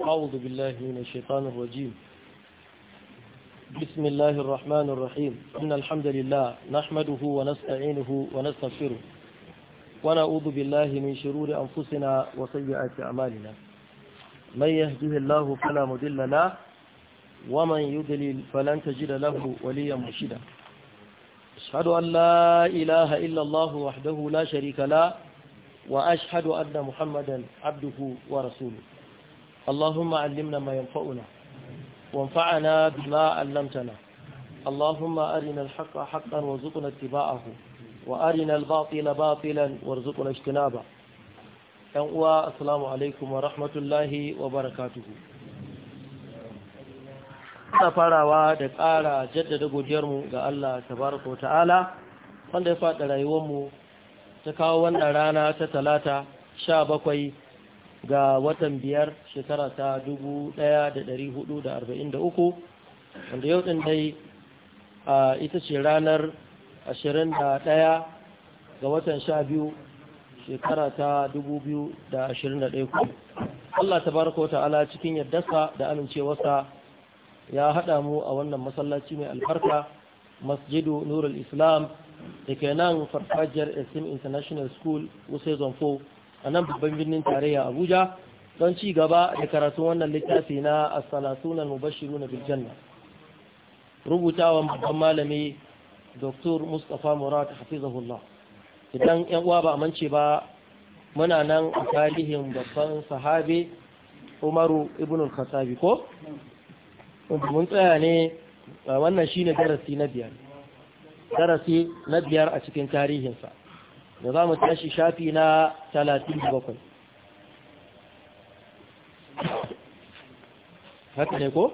أعوذ بالله من الشيطان الرجيم بسم الله الرحمن الرحيم إن الحمد لله نحمده ونستعينه ونستغفره ونعوذ بالله من شرور أنفسنا وسيئات أعمالنا من يهده الله فلا مضل له ومن يضلل فلن تجد له وليا مرشدا أشهد أن لا إله إلا الله وحده لا شريك له وأشهد أن محمدا عبده ورسوله اللهم علمنا ما ينفعنا وانفعنا بما علمتنا اللهم أرنا الحق حقا وارزقنا اتباعه وأرنا الباطل باطلا وارزقنا اجتنابه أنواع السلام عليكم ورحمة الله وبركاته ta farawa da ƙara jaddada godiyarmu ga Allah tabaraka wa ta'ala wanda ya faɗa rayuwarmu ta kawo wannan rana ta talata sha bakwai ga watan biyar shekara ta 1443 wanda yau ɗin dai a ita ce ranar 21 ga watan sha 12 shekara ta 2021 Allah tabaraka ta'ala cikin yardarsa da amincewarsa ya haɗa mu a wannan masallaci mai albarka masjidu nurul islam da ke nan farfajiyar sm international school wuse zonfo a nan babban birnin tarayya abuja don ci gaba da karatun wannan littafi na asalasunan mubashiru na birjanna rubutawan babban malami dr mustapha murad hafizahullah idan yan uwa ba mance ba muna nan a tarihin babban sahabi umaru ibn al-khattabi ko mun tsaya ne wannan shine darasi na biyar darasi na biyar a cikin tarihinsa da za mu tashi shafi na 37 haka ne ko?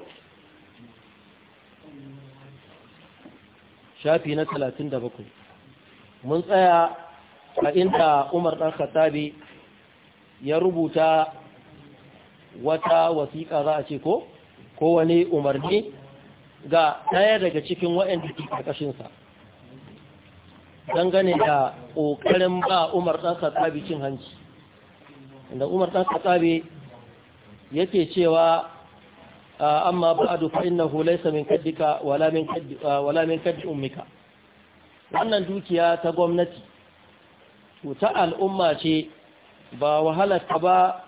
shafi na 37 mun tsaya a inda umar ɗan khattabi ya rubuta wata wasiƙa za a ce ko? kowane umarni ga ɗaya daga cikin waɗanda ke ƙarƙashinsa dangane da ƙoƙarin ba umar ɗan katsabi cin hanci inda umar ɗan katsabi yake cewa amma ba'adu fa innahu laysa min kaddika wala min kaddi wala min kaddi ummika wannan dukiya ta gwamnati to ta al'umma ce ba wahalarta ba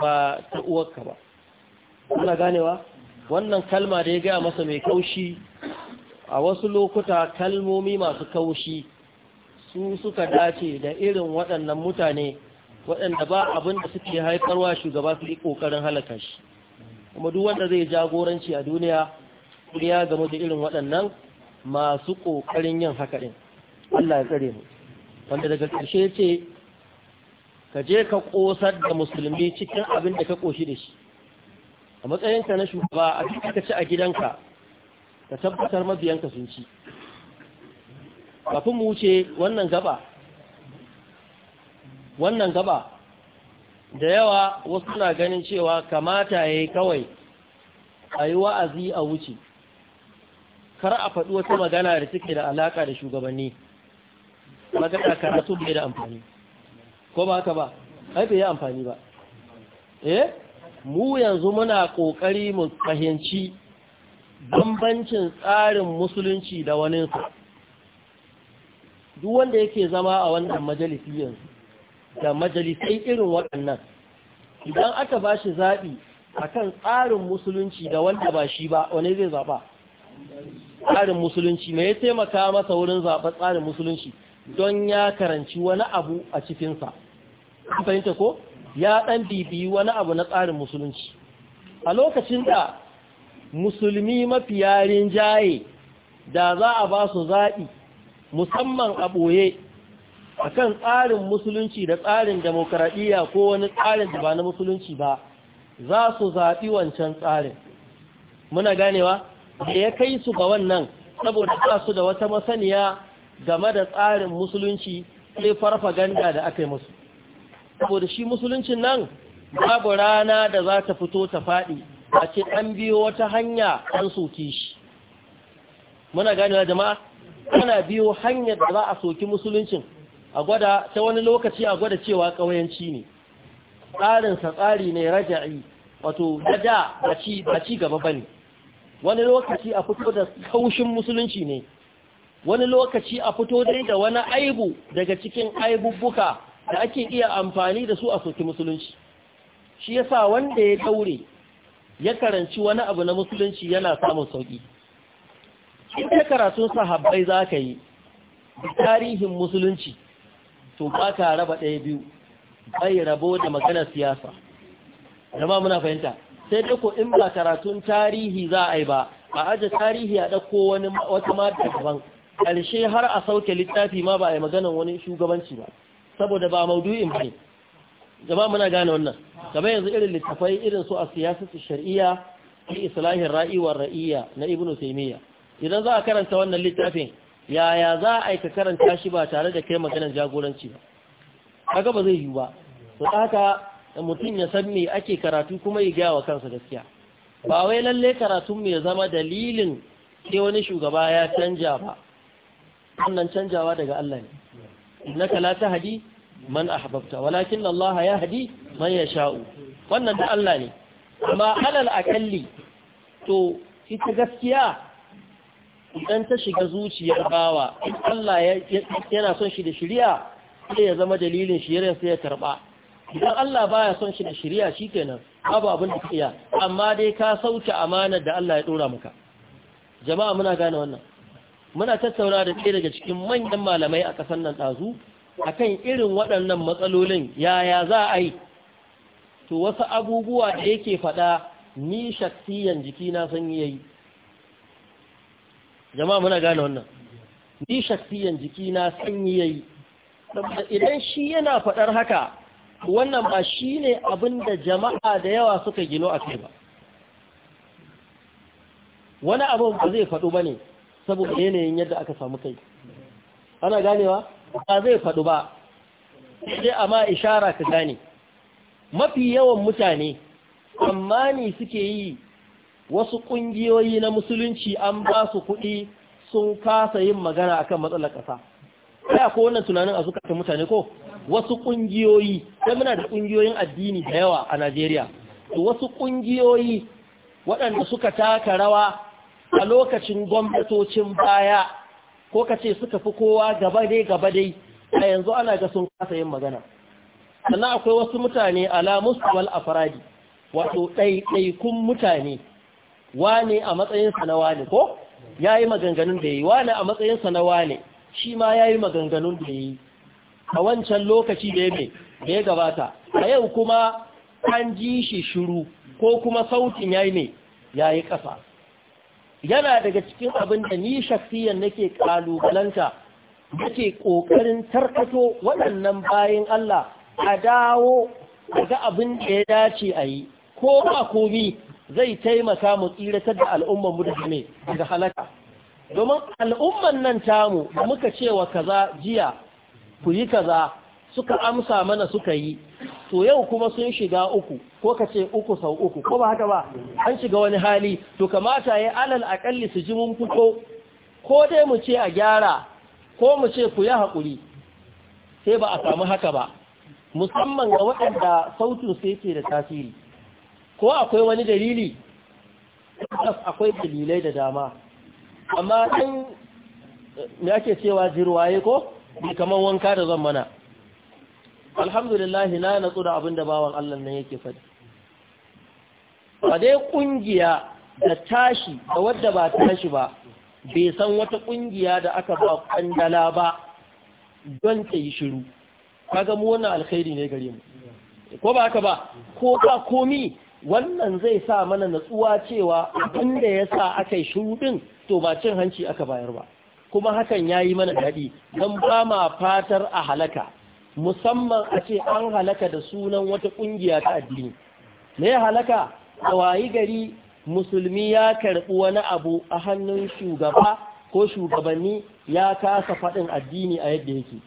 ba ta uwarka ba kuna ganewa wannan kalma da ya gaya masa mai kaushi a wasu lokuta kalmomi masu kaushi su suka dace da irin waɗannan mutane waɗanda ba abin da suke haifarwa shugaba su yi ƙoƙarin halaka shi kuma duk wanda zai jagoranci a duniya ya game da irin waɗannan masu ƙoƙarin yin haka ɗin Allah ya tsare mu wanda daga ƙarshe ce ka je ka ƙosar da musulmi cikin abin da ka ƙoshi da shi a matsayinka na shugaba a cikin ka ci a gidanka ka tabbatar mabiyanka sun ci kafin mu wuce wannan gaba wannan gaba da yawa wasu na ganin cewa kamata ya yi kawai a yi wa'azi a wuce kar a faɗi wata magana da suke da alaƙa da shugabanni magana karatu bai da amfani ko ba haka ba haifai ya amfani ba eh mu yanzu muna ƙoƙari mu fahimci bambancin tsarin musulunci da waninsa duk wanda yake zama a wannan majalisi yanzu da majalisai irin waɗannan idan aka ba shi zaɓi a kan tsarin musulunci da wanda ba shi ba wane zai zaɓa tsarin musulunci mai ya taimaka masa wurin zaɓa tsarin musulunci don ya karanci wani abu a cikinsa fahimta ko ya ɗan bibiyi wani abu na tsarin musulunci a lokacin da musulmi mafi yarin jaye da za a ba su zaɓi musamman a ɓoye a kan tsarin musulunci da tsarin demokaradiyya ko wani tsarin da ba na musulunci ba za su zaɓi wancan tsarin muna ganewa da ya kai su ga wannan saboda ba su da wata masaniya game da tsarin musulunci sai farfa ganda da aka yi musu saboda shi musuluncin nan babu rana da za ta fito ta faɗi a ce an biyo wata hanya an soke shi muna na jama'a ana biyo hanyar da za a soki musuluncin a gwada ta wani lokaci a gwada cewa kawayanci ne tsarinsa tsari ne raja'i wato da ba ci gaba ba ne wani lokaci a fito da kaushin musulunci ne wani lokaci a fito dai da wani aibu daga cikin aibubuka da ake iya amfani da su a soki musulunci shi yasa wanda ya daure ya karanci wani abu na musulunci yana samun sauki in ka karatun sahabbai za ka yi tarihin musulunci to ba ka raba ɗaya biyu bai rabo da maganar siyasa zama muna fahimta sai dai ko in ba karatun tarihi za a yi ba a aje tarihi a ɗauko wani wata mata daban ƙarshe har a sauke littafi ma ba a yi maganar wani shugabanci ba saboda ba maudu'in ba ne jama'a muna gane wannan kamar yanzu irin littafai irin su a siyasar shari'a fi islahin ra'i wa na ibnu taymiya idan za a karanta wannan littafin yaya za a aika karanta shi ba tare da kai maganar jagoranci ba kaga ba zai yiwu ba to haka mutum ya san me ake karatu kuma ya gaya wa kansa gaskiya ba wai lalle karatun mu ya zama dalilin sai wani shugaba ya canja ba wannan canjawa daga Allah ne kala ta hadi. man ahbabta walakin Allah hadi, man sha'u. wannan da Allah ne amma alal akalli to ita gaskiya idan ta shiga zuciyar bawa Allah yana son shi da shari'a sai ya zama dalilin shari'a sai ya karba idan Allah baya son shi da shari'a shikenan babu abin da kiya amma dai ka sauke amanar da Allah ya dora maka jama'a muna gane wannan muna tattauna da ɗaya daga cikin manyan malamai a ƙasar nan ɗazu akan irin waɗannan matsalolin yaya za a yi to wasu abubuwa da yake faɗa ni shaktiyan jiki na san yayi jama'a muna gane wannan ni shaktiyan jiki na san yayi idan shi yana faɗar haka wannan ba shi ne abinda jama'a da yawa suka gino a kai ba wani abin ba zai faɗo ba ne saboda yanayin yadda aka samu kai ana ganewa ba zai faɗu ba sai amma ishara ka gane mafi yawan mutane amma ne suke yi wasu ƙungiyoyi na musulunci an ba su kuɗi sun kasa yin magana akan matsalar ƙasa ya ko wannan tunanin a zukatan mutane ko wasu ƙungiyoyi sai muna da ƙungiyoyin addini da yawa a Najeriya wasu ƙungiyoyi waɗanda suka taka rawa a lokacin gwamnatocin baya ko ka ce suka fi kowa gaba dai gaba dai a yanzu ana ga sun kasa yin magana sannan akwai wasu mutane ala musawal afradi wato ɗaiɗaikun mutane wane a matsayinsa na wane ko ya yi maganganun da ya yi wane a matsayinsa na wane shi ma ya yi maganganun da ya yi a wancan lokaci da ya ya gabata a yau kuma an ji shi shiru ko kuma sautin ya yi mai ya yi ƙasa yana daga cikin abin da ni shafiyan nake kalubalanta nake ƙoƙarin tarkato waɗannan bayan Allah a dawo daga abin da ya dace a yi ko ba komi zai taimaka mu tsiratar da al'ummanmu da ne daga halaka domin al'umman nan tamu da muka cewa kaza jiya ku yi kaza suka amsa mana suka yi to yau kuma sun shiga uku ko ka ce uku sau uku ko ba haka ba an shiga wani hali to kamata ya alal akalli su ji mun fito ko dai mu ce a gyara ko mu ce ku yi haƙuri sai ba a samu haka ba musamman ga waɗanda sautin su yake da tasiri ko akwai wani dalili akwai dalilai da dama amma ɗin ya ke cewa jirwaye ko kamar wanka da zan mana alhamdulillah na natsu da abin da bawan Allah na yake faɗi ba dai kungiya da tashi da wadda ba tashi ba bai san wata kungiya da aka ba kandala ba don ta yi shiru kaga mu wannan alkhairi ne gare mu ko ba haka ba ko ka komi wannan zai sa mana natsuwa cewa abinda ya sa aka yi shiru din to ba cin hanci aka bayar ba kuma hakan ya yi mana daɗi don ba ma fatar a halaka musamman a ce an halaka da sunan wata ƙungiya ta addini me ya halaka da wayi gari musulmi ya karɓi wani abu a hannun shugaba ko shugabanni ya kasa faɗin addini a yadda yake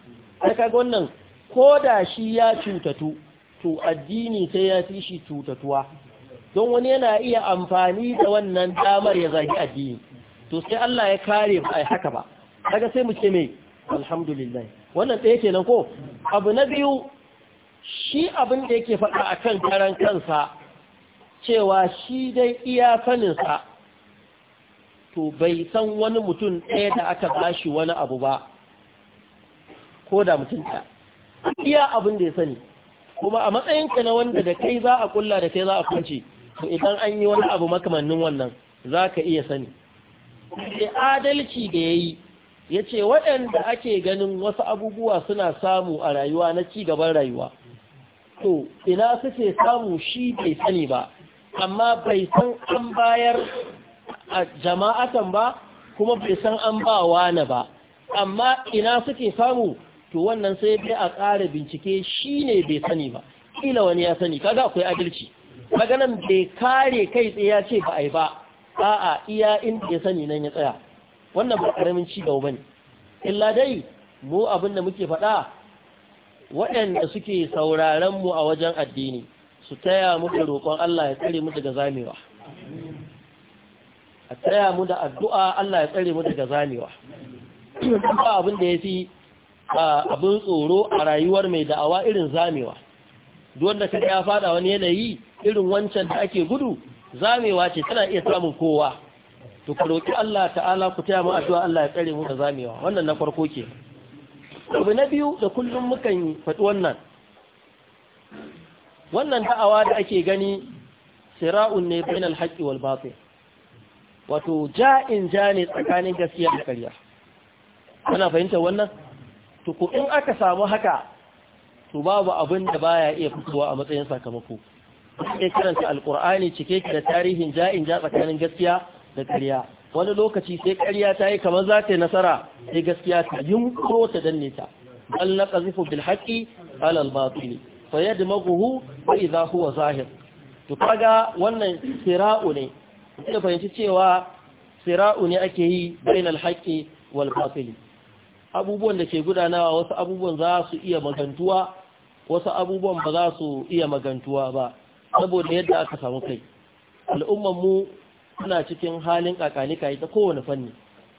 ai kaga wannan ko da shi ya cutatu to addini sai ya fi shi cutatuwa don wani yana iya amfani da wannan damar ya zagi addini to sai Allah ya kare ba haka ba kaga sai mu ce me alhamdulillah wannan ɗaya kenan ko abu na biyu shi abin da yake faɗa a kan karan kansa cewa shi dai iya saninsa to bai san wani mutum ɗaya da aka bashi wani abu ba ko da mutum ta. iya abin da ya sani kuma a matsayinka na wanda da kai za a kulla da kai za a kwanci to idan an yi wani abu makamannin wannan za ka iya sani da adalci da ya yi ya ce waɗanda ake ganin wasu abubuwa suna samu a rayuwa na ci gaban rayuwa to ina suke samu shi bai sani ba amma bai san an bayar a jama'atan ba kuma bai san an ba wane ba amma ina suke samu to wannan sai bai a ƙara bincike shi ne bai sani ba ƙila wani ya sani kaga akwai adalci maganan bai kare kai tsaye ya ce ba a yi ba a'a iya inda ya sani nan ya tsaya wannan ba karamin ci gaba bane illa dai mu abin da muke faɗa waɗanda suke sauraron mu a wajen addini su taya mu da roƙon Allah ya tsare mu daga zamewa a taya mu da addu'a Allah ya tsare mu daga zamewa ba abin da yafi abin tsoro a rayuwar mai da'awa irin zamewa duk wanda kaga ya fada wani yanayi irin wancan da ake gudu zamewa ce tana iya samun kowa to ku roki Allah ta'ala ku taya mu addu'a Allah ya tsare mu da zamewa wannan na farko ke abu na biyu da kullum mukan faɗi wannan wannan da'awa da ake gani sira'un ne bainal haqqi wal batil wato ja'in ja ne tsakanin gaskiya da ƙarya Kana fahimtar wannan to ko in aka samu haka to babu abin da baya iya fitowa a matsayin sakamako sai karanta alqur'ani cike ki da tarihin ja'in ja tsakanin gaskiya da ƙarya wani lokaci sai ƙarya ta yi kamar za ta yi nasara sai gaskiya ta yunkuro ta danne ta bal na ƙazifu bil haƙi alal batili fa yadda maguhu fa huwa zahir to kaga wannan sira'u ne ina fahimci cewa sira'u ne ake yi bainal haƙi wal batili abubuwan da ke gudanawa wasu abubuwan za su iya magantuwa wasu abubuwan ba za su iya magantuwa ba saboda yadda aka samu kai al'ummar mu suna cikin halin kakanika ita kowane fanni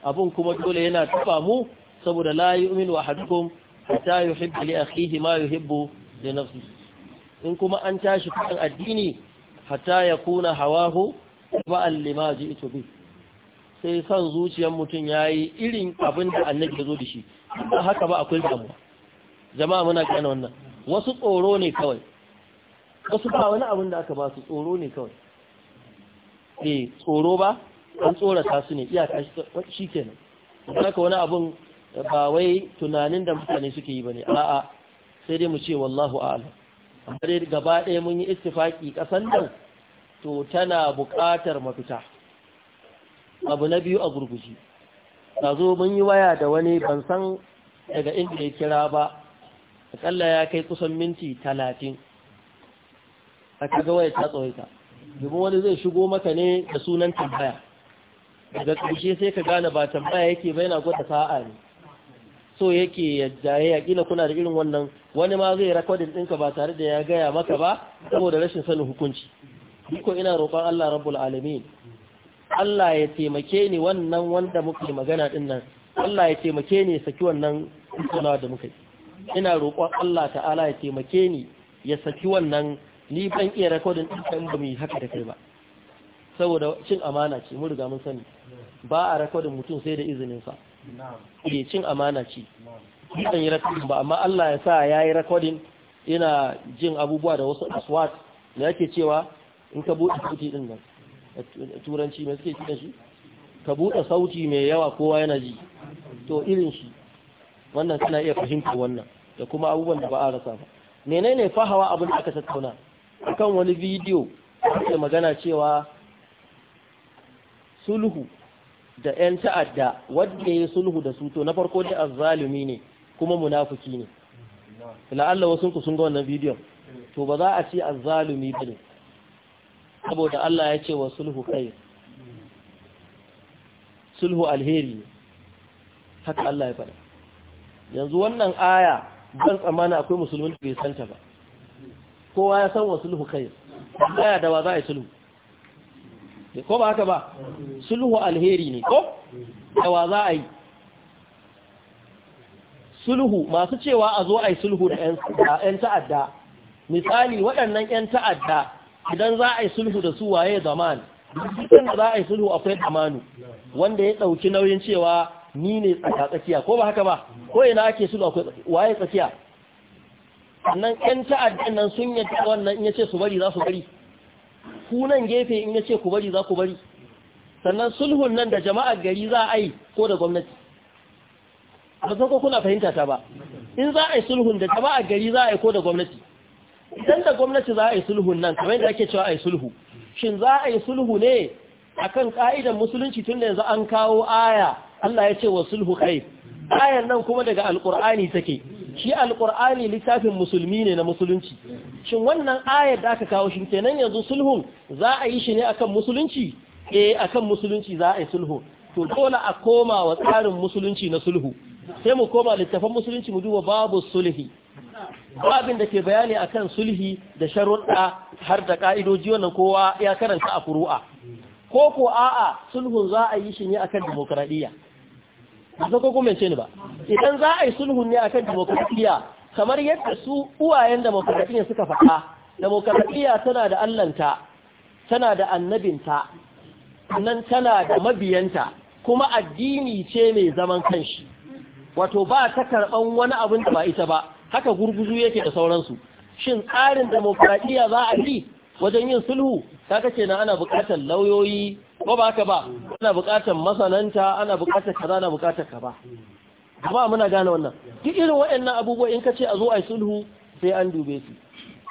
abun kuma dole yana tafa mu saboda la yu'minu ahadukum hatta yuhibbu li akhihi ma yuhibbu li nafsihi in kuma an tashi kan addini hatta yakuna hawahu ba'al lima ji'tu bi sai san zuciyar mutum yayi irin abin da annabi ya zo da shi haka ba akwai damuwa jama'a muna kana wannan wasu tsoro ne kawai wasu ba wani abin da aka ba su tsoro ne kawai eh tsoro ba an tsorata su ne iyaka shi ke kenan haka wani abun ba wai tunanin da mutane suke yi ba ne. a'a sai dai mu ce wallahu a'lam amma dai gaba ɗaya mun yi istifaki ƙasan nan to tana buƙatar mafita abu na biyu a gurguji ta zo mun yi waya da wani ban san daga inda ya kira ba akalla ya kai kusan minti talatin a kaga waya ta tsawaita domin wani zai shigo maka ne da sunan tambaya daga ƙarshe sai ka gane ba tambaya yake bai na gwada sa'a ne so yake yadda ya kila kuna da irin wannan wani ma zai rakwadin ɗinka ba tare da ya gaya maka ba saboda rashin sanin hukunci duka ina roƙon Allah rabbul alamin Allah ya taimake ni wannan wanda muke magana din nan Allah ya taimake ni ya saki wannan kunawa da muke ina roƙon Allah ta'ala ya taimake ni ya saki wannan ni ban iya rekodin ɗin kan ba mai haka da kai ba saboda cin amana ce mun riga mun sani ba a rekodin mutum sai da izinin sa ke eh, cin amana ce ni ban yi rekodin ba amma Allah ya sa ya yi rekodin ina jin abubuwa da wasu aswat da yake cewa in ka buɗe sauti ɗin nan turanci mai suke kiran shi ka buɗe sauti mai yawa kowa yana ji to irin shi wannan suna iya fahimta wannan da kuma abubuwan da ba a rasa ba menene fahawa abin da aka tattauna akan wani bidiyo ake magana cewa sulhu da 'yan ta'adda wadda ya sulhu da suto na farko da azzalumi ne kuma munafuki ne la'alla wasu ku sun ga wannan bidiyon to ba za a ce azzalumi ba ne saboda Allah ya ce wa sulhu kai sulhu alheri ne haka Allah ya faɗa yanzu wannan aya ban tsammani akwai musulmin da bai santa ba kowa ya san wa sulhu khair ba da wa za a sulhu ko ba haka ba sulhu alheri ne ko da wa za a yi sulhu masu cewa a zo a yi sulhu da 'yan ta'adda misali waɗannan 'yan ta'adda idan za a yi sulhu da su waye zaman dukkan da za a yi sulhu akwai amanu wanda ya ɗauki nauyin cewa ni ne tsakiya? ko ba haka ba ko ina ake sulhu akwai waye tsakiya sannan ƴan ta'addan nan sun yi wannan in yace su bari za su bari ku nan gefe in yace ku bari za ku bari sannan sulhun nan da jama'ar gari za a yi ko da gwamnati ba ko kuna fahimta ta ba in za a yi sulhun da jama'ar gari za a yi ko da gwamnati idan da gwamnati za a yi sulhun nan kamar yadda ake cewa a yi sulhu shin za a yi sulhu ne akan ka'idan musulunci tun da yanzu an kawo aya Allah ya ce wa sulhu khair ayar nan kuma daga alkur'ani take shi alkur'ani littafin musulmi ne na musulunci shin wannan ayar da aka kawo shi kenan yanzu sulhun za a yi shi ne akan musulunci eh akan musulunci za a yi sulhu to dole a koma wa tsarin musulunci na sulhu sai mu koma littafin musulunci mu duba babu sulhi babin da ke bayani akan sulhi da sharuɗa har da ka'idoji wannan kowa ya karanta a kuru'a ko ko a'a sulhun za a yi shi ne akan demokradiyya ba ko kuma ce ni ba idan za a yi sulhu ne a kan demokradiyya kamar yadda su uwayen demokradiyya suka faɗa demokradiyya tana da allanta tana da annabinta nan tana da mabiyanta kuma addini ce mai zaman kanshi wato ba ta karɓan wani abin da ba ita ba haka gurguzu yake da sauransu shin tsarin demokradiyya za a yi wajen yin sulhu ta kace na ana buƙatar lauyoyi ko ba haka ba ana buƙatar masananta ana bukatar kaza ana buƙatar ba amma muna gane wannan duk irin waɗannan abubuwa in kace ce a zo a yi sulhu sai an dube su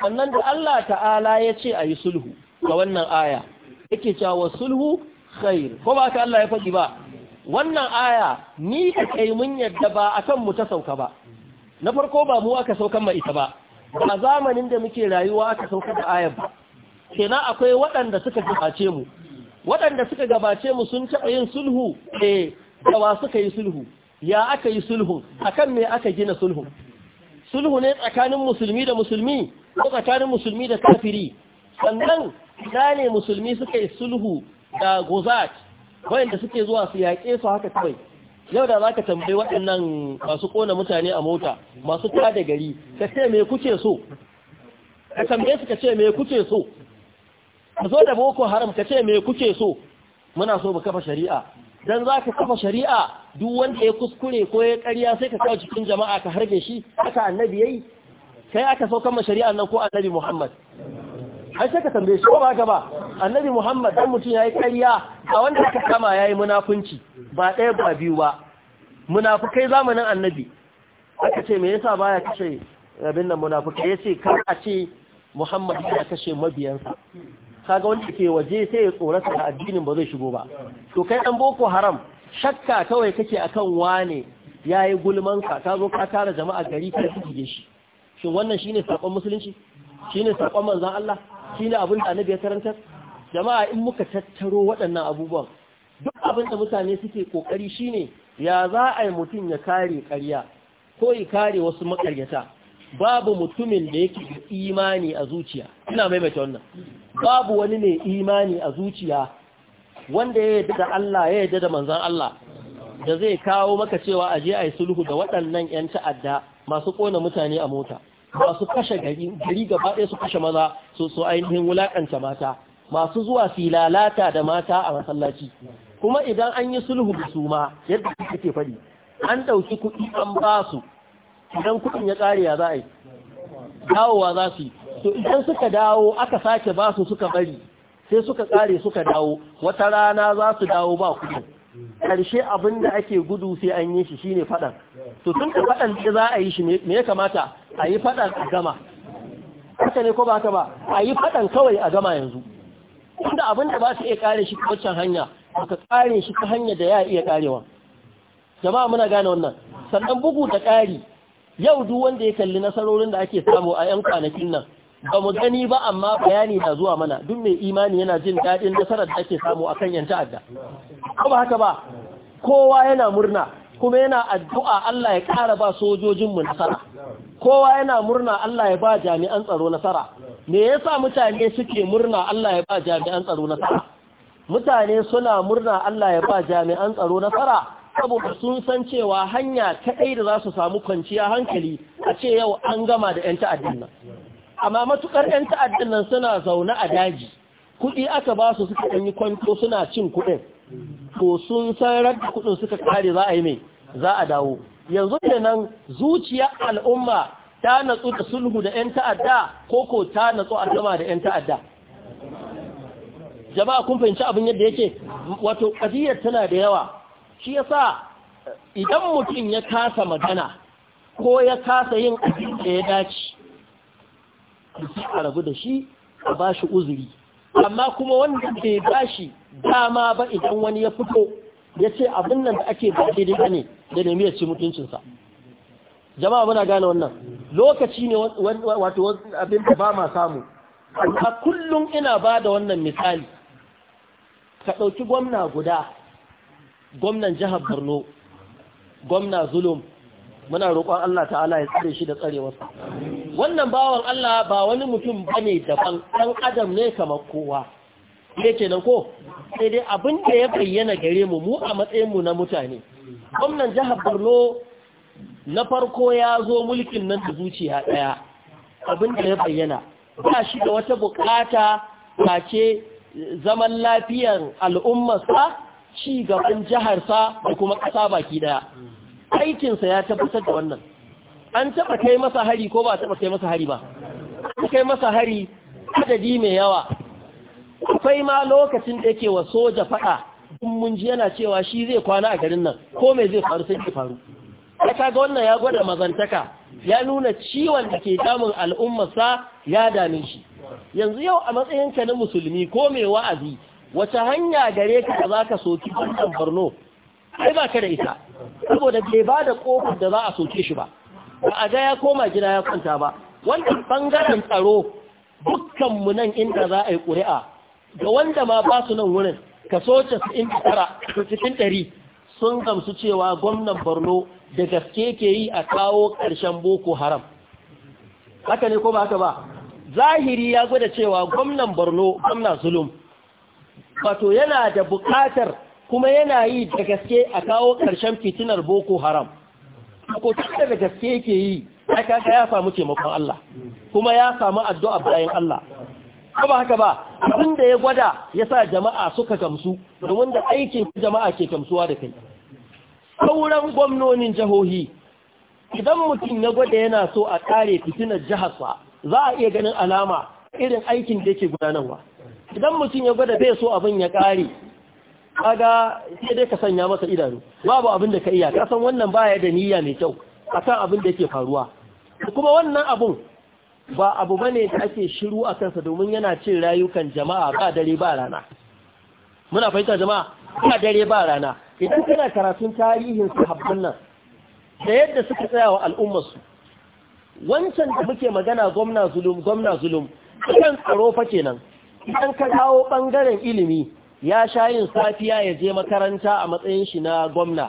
sannan da Allah ta'ala ya ce a yi sulhu ga wannan aya yake cewa sulhu khair ko ba ka Allah ya faɗi ba wannan aya ni ka kai mun yadda ba akan mu ta sauka ba na farko ba mu aka saukan ma ita ba a zamanin da muke rayuwa aka sauka da ayar ba kenan akwai waɗanda suka gabace mu waɗanda suka gabace mu sun taɓa yin sulhu eh dawa suka yi sulhu ya aka yi sulhu akan me aka gina sulhu sulhu ne tsakanin musulmi da musulmi ko tsakanin musulmi da kafiri sannan da ne musulmi suka yi sulhu da gozat wayanda suke zuwa su yaƙe su haka kawai yau da za ka tambayi waɗannan masu ƙona mutane a mota masu tada gari ka ce me kuke so ka tambaye su ka ce me kuke so ka zo da boko haram ka ce me kuke so muna so mu kafa shari'a dan za ka kafa shari'a duk wanda ya kuskure ko ya ƙarya sai ka kawo cikin jama'a ka harbe shi haka annabi yayi kai aka so kama shari'a nan ko annabi Muhammad har sai ka tambaye shi ko ba ba annabi Muhammad dan mutum yayi ƙarya a wanda aka kama yayi munafunci ba ɗaya ba biyu ba munafukai zamanin annabi aka ce me yasa baya kashe abin nan munafukai yace kar a ce Muhammad ya kashe mabiyansa kaga wanda ke waje sai ya tsorata a addinin ba zai shigo ba to kai dan boko haram shakka kawai kake akan wane yayi gulman ka kazo zo ka tara jama'a gari ka kige shi shin wannan shine sakon musulunci shine sakon manzon Allah shine abin da annabi ya karantar jama'a in muka tattaro waɗannan abubuwan duk abin da mutane suke kokari shine ya za a yi mutum ya kare ƙarya ko ya kare wasu makaryata babu mutumin da yake da imani a zuciya ina maimaita wannan babu wani ne imani a zuciya wanda ya yarda da Allah ya yarda da manzon Allah da zai kawo maka cewa a je a yi sulhu da waɗannan ƴan ta'adda masu kona mutane a mota masu kashe gari gari gaba ɗaya su kashe maza su su ainihin wulakanta mata masu zuwa filalata da mata a masallaci kuma idan an yi sulhu da su ma yadda kake faɗi an ɗauki kuɗi an ba su idan kuɗin ya ƙare ya za a yi dawowa za su yi to idan suka dawo aka sake ba su suka bari sai suka ƙare suka dawo wata rana za su dawo ba kuɗin ƙarshe abin da ake gudu sai an yi shi shi ne faɗan to tun ka faɗan da za a yi shi me ya kamata a yi faɗan a gama haka ne ko ba ka ba a yi faɗan kawai a gama yanzu inda abin da ba su iya ƙare shi waccan hanya aka ƙare shi ta hanya da ya iya ƙarewa jama'a muna gane wannan sannan bugu da ƙari yau duk wanda ya kalli nasarorin da ake samu a 'yan kwanakin nan ba mu gani ba amma bayani na zuwa mana duk mai imani yana jin daɗin nasarar da ake samu a kan 'yan ta'adda ko ba haka ba kowa yana murna kuma yana addu'a Allah ya ƙara ba sojojin mu nasara kowa yana murna Allah ya ba jami'an tsaro nasara me yasa mutane suke murna Allah ya ba jami'an tsaro nasara mutane suna murna Allah ya ba jami'an tsaro nasara saboda sun san cewa hanya kaɗai da za su samu kwanciya hankali a ce yau an gama da 'yan ta'addin nan amma matukar 'yan ta'addin nan suna zaune a daji kuɗi aka ba su suka ɗanyi kwanto suna cin kuɗin to sun san radda kuɗin suka kare za a yi mai za a dawo yanzu da nan zuciya al'umma ta natsu da sulhu da 'yan ta'adda ko ko ta natsu a gama da 'yan ta'adda jama'a kun fahimci abin yadda yake wato ƙadiyar tana da yawa shi sa idan mutum ya kasa magana ko ya kasa yin abin da ya dace a rabu da shi a bashi uzuri amma kuma wanda bai bashi dama ba idan wani ya fito ya ce abin nan da ake ba daidai ne da nemi ya ci mutuncinsa jama'a muna gane wannan lokaci ne wato abin da ba ma samu a kullum ina ba da wannan misali ka ɗauki gwamna guda gwamnan jihar borno gwamna zulum muna roƙon Allah ta'ala ya tsare shi da tsarewarsa wannan bawan Allah ba wani mutum bane daban ɗan adam ne kamar kowa ne kenan ko sai dai abin da ya bayyana gare mu mu a matsayin mu na mutane gwamnan jihar Borno na farko ya zo mulkin nan da zuciya ɗaya abin da ya bayyana ba shi da wata bukata face zaman lafiyar al'ummarsa ci gaban jiharsa da kuma ƙasa baki ɗaya aikinsa ya tabbatar da wannan an taɓa kai masa hari ko ba a taɓa kai masa hari ba an kai masa hari adadi mai yawa akwai ma lokacin da yake wa soja faɗa in mun ji yana cewa shi zai kwana a garin nan ko mai zai faru sai ke faru ya kaga wannan ya gwada mazantaka ya nuna ciwon da ke damun al'ummarsa ya dame shi yanzu yau a matsayinka na musulmi ko mai wa'azi wata hanya gare ka da za ka soki wannan Borno? ai ba ka da ita saboda bai ba da kofar da za a soke shi ba ba a ga ya koma gida ya kwanta ba wannan bangaren tsaro dukkanmu nan inda za a yi ƙuri'a ga wanda ma ba su nan wurin ka su tara su cikin ɗari sun gamsu cewa gwamnan borno da gaske ke yi a kawo ƙarshen boko haram haka ne ko ba haka ba zahiri ya gwada cewa gwamnan borno gwamna zulum wato yana da buƙatar kuma yana yi da gaske a kawo ƙarshen fitinar boko haram ko da gaske yake yi aka ya samu taimakon Allah kuma ya samu addu'a bayan Allah ba haka ba abinda ya gwada ya sa jama'a suka gamsu domin da aikin jama'a ke gamsuwa da kai sauran gwamnonin jihohi idan mutum ya gwada yana so a kare fitinar jiharsa za a iya ganin alama irin aikin da yake gudanarwa idan mutum ya gwada bai so abin ya ƙare kaga sai dai ka sanya masa idanu babu abin da ka iya ka san wannan baya da niyya mai kyau akan abin da yake faruwa kuma wannan abun ba abu bane da ake shiru a kansa domin yana cin rayukan jama'a ba dare ba rana muna fahimta jama'a ba dare ba rana idan kana karatun tarihin sahabban nan da yadda suka tsaya wa al'ummar wancan da muke magana gwamna zulum gwamna zulum kan tsaro fa kenan idan ka dawo ɓangaren ilimi ya sha yin safiya ya je makaranta a matsayin shi na gwamna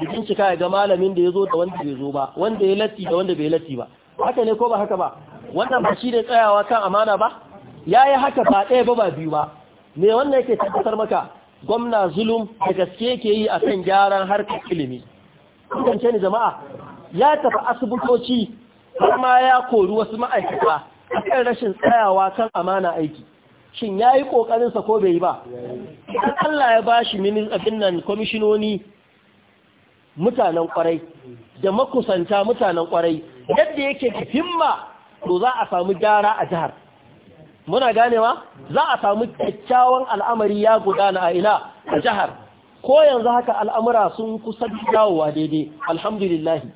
bikin cika ga malamin da ya zo da wanda bai zo ba wanda ya latti da wanda bai latti ba haka ne ko ba haka ba wannan ba shi ne tsayawa kan amana ba ya yi haka ba ɗaya ba ba biyu ba me wannan yake tabbatar maka gwamna zulum da gaske yake yi a kan gyaran harkar ilimi kance ni jama'a ya tafi asibitoci har ma ya kori wasu ma'aikata a kan rashin tsayawa kan amana aiki shin ya yi ƙoƙarinsa ko bai yi ba idan Allah ya ba shi abin nan kwamishinoni mutanen kwarai da makusanta mutanen kwarai, yadda yake himma to za a samu gyara a jihar muna ganewa za a samu kyakkyawan al'amari ya gudana a ina a jihar ko yanzu haka al'amura sun kusa dawowa daidai alhamdulillahi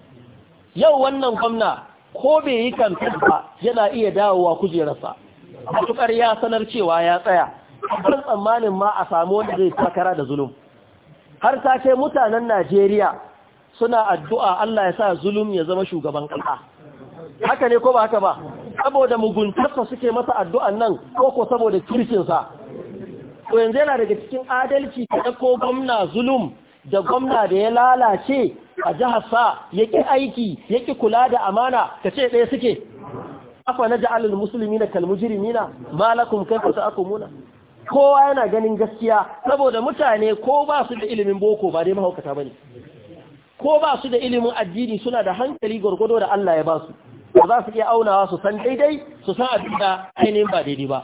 yau wannan gwamna ko bai yi kamfen ba yana iya dawowa kujerarsa matukar ya sanar cewa ya tsaya ban tsammanin ma a samu wanda zai takara da zulum har ta ce mutanen Najeriya suna addu'a Allah ya sa zulum ya zama shugaban ƙasa haka ne ko ba haka ba saboda muguntarsa suke masa addu'an nan ko ko saboda kirkinsa Ko yanzu yana daga cikin adalci ta ɗauko gwamna zulum da gwamna da ya lalace a jihar sa ya ƙi aiki ya ƙi kula da amana ka ce ɗaya suke afa na ja'alul muslimina kal mujrimina ma kayfa ta'qumuna kowa yana ganin gaskiya saboda mutane ko ba su da ilimin boko ba dai mahaukata bane ko ba su da ilimin addini suna da hankali gurgudo da Allah ya ba su ba za su iya aunawa su san daidai su san abin da ainihin ba daidai ba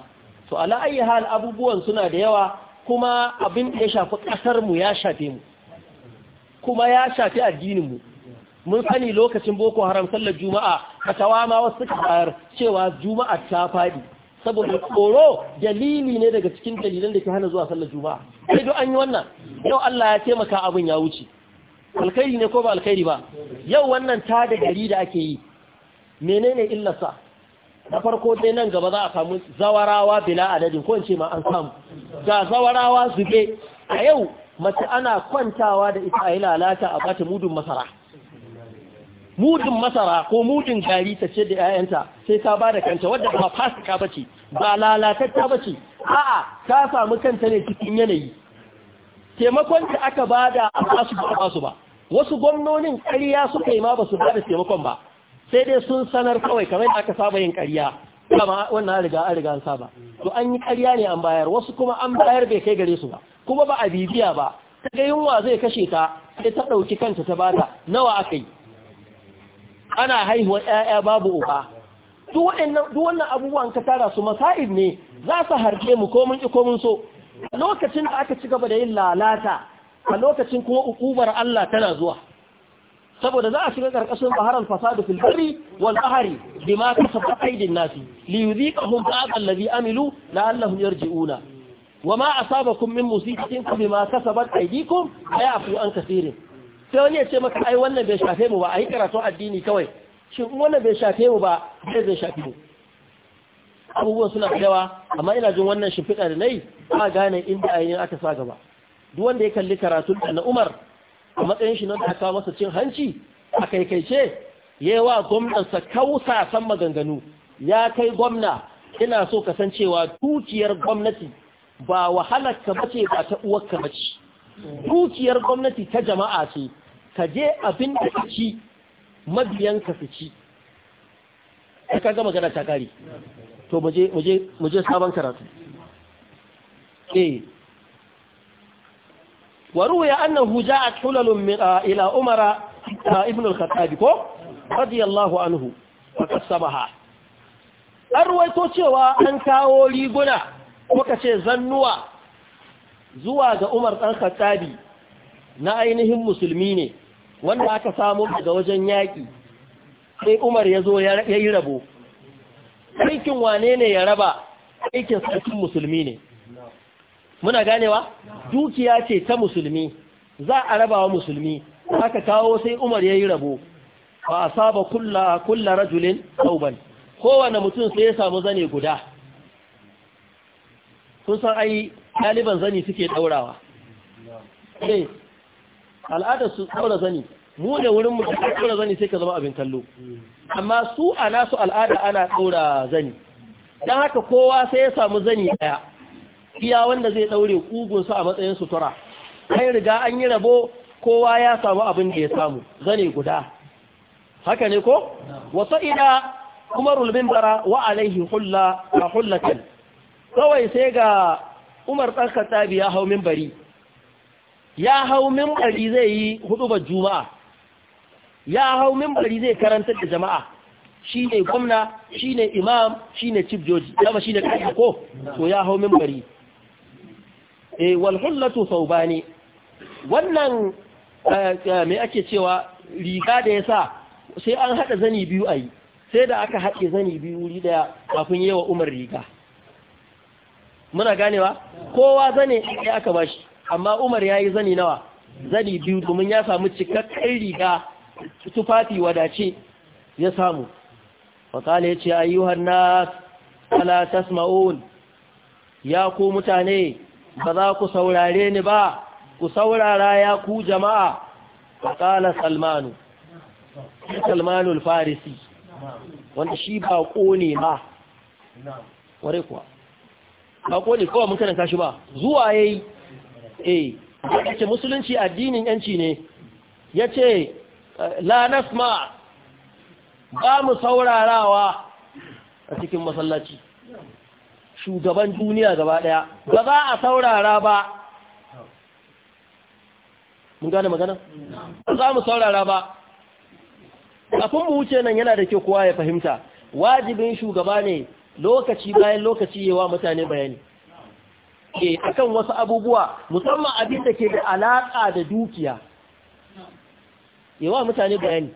to ala ayi hal abubuwan suna da yawa kuma abin da ya shafi kasar mu ya shafe mu kuma ya shafi addinin mu mun sani lokacin boko haram sallar juma'a fatawa ma wasu suka bayar cewa juma'a ta faɗi saboda tsoro dalili ne daga cikin dalilan da ke hana zuwa sallar juma'a sai duk an yi wannan yau Allah ya taimaka abin ya wuce alkhairi ne ko ba alkhairi ba yau wannan ta da gari da ake yi menene illarsa na farko dai nan gaba za a samu zawarawa bila adadin ko in ce ma an samu ga zawarawa zube a yau mace ana kwantawa da ita a yi lalata a bata mudun masara mudin masara ko mudin gari ta ce da 'ya'yanta sai ka ba da kanta wadda ba fasika ba ce ba lalatatta ba ce a'a ta samu kanta ne cikin yanayi taimakon da aka ba da a basu ba basu ba wasu gwamnonin ƙarya suka yi ma basu su taimakon ba sai dai sun sanar kawai kamar da aka saba yin ƙarya kama wannan riga an riga an saba to an yi ƙarya ne an bayar wasu kuma an bayar bai kai gare su ba kuma ba a bibiya ba ta ga yunwa zai kashe ta sai ta ɗauki kanta ta bada nawa aka yi ana haihuwar 'ya'ya babu uba duk wannan abubuwan ka tara su masa'id ne za su harbe mu ko mun ki ko so a lokacin da aka ci gaba da yin lalata a lokacin kuma ukubar Allah tana zuwa saboda za a shiga karkashin baharal fasadu fil barri wal bahri ka kasabat aydin nasi li yudhiqahum ba'd allazi amilu ma a saba kun min musibatin bima kasabat aydikum ayafu an kaseerin sai wani ya ce maka ai wannan bai shafe mu ba a yi karatun addini kawai shi wannan bai shafe mu ba zai zai shafe mu abubuwan suna yawa amma ina jin wannan shimfiɗa da nayi ba gane inda ainihin aka sa gaba duk wanda ya kalli karatu da na Umar a matsayin shi na da aka masa cin hanci a kaikaice wa gwamnansa kausa san maganganu ya kai gwamna ina so cewa dukiyar gwamnati ba wahalar ka bace ba ta uwar ka bace dukiyar gwamnati ta jama'a ce ka je abin da ka ci mabiyanka su ci ka gama magana ta kare to mu je sabon karatu eh وروي أنه جاءت حلل من إلى أمر ابن الخطاب رضي الله عنه وكسبها أرويتو cewa an kawo riguna kuka ce zannuwa zuwa ga Umar dan Khattabi na ainihin musulmi ne wanda aka samu daga wajen yaƙi sai umar ya zo ya yi rabo aikin wane ne ya raba aikin sarkin musulmi ne muna ganewa dukiya ce ta musulmi za a raba wa musulmi aka kawo sai umar ya yi rabo ba a saba kulla rajulin sauban kowane mutum sai ya samu zane guda kun san ai ɗaliban zani suke ɗaurawa eh, al'adar su tsaura zani mu da wurin mu tsaura zani sai ka zama abin kallo amma su a nasu al'ada ana tsaura zani don haka kowa sai ya samu zani ɗaya iya wanda zai ɗaure su a matsayin sutura kai riga an yi rabo kowa ya samu abin da ya samu zani guda haka ne ko wasu ila umarul bin bara wa alaihi hulla a hullatan kawai sai ga umar ɗan khattabi ya hau minbari ya hau mimbari zai yi hudubar juma'a ya hau mimbari zai karanta da jama'a shi ne gwamna shi ne imam shi ne chief judge dama shi ne ko to ya hau mimbari e eh, walhullatu sau ba wannan eh, eh, mai ake cewa riga da ya sa sai an haɗa zani biyu a yi sai da aka haɗe zani biyu wuri daya kafin yi wa umar riga muna ganewa kowa zane ya aka bashi amma Umar ya yi zani nawa zani biyu domin ya samu cikakken riga tufafi wadace ya samu wakala ya ce ayyuhar na ala tasma'un ya ku mutane ba za ku saurare ni ba ku saurara ya ku jama'a wakala salmanu Salmanu farisi wanda shi ba ne ma ware kuwa ba ne kawai mun karanta shi ba zuwa yayi eh yace musulunci addinin yanci ne Ya ce, la nasma ba mu saurarawa a cikin masallaci shugaban duniya gaba daya ba za a saurara ba mun gane magana ba za mu saurara ba kafin mu wuce nan yana da kyau kowa ya fahimta wajibin shugaba ne lokaci bayan lokaci yawa mutane bayani a kan wasu abubuwa musamman abin da ke da alaƙa da dukiya yawa mutane bayani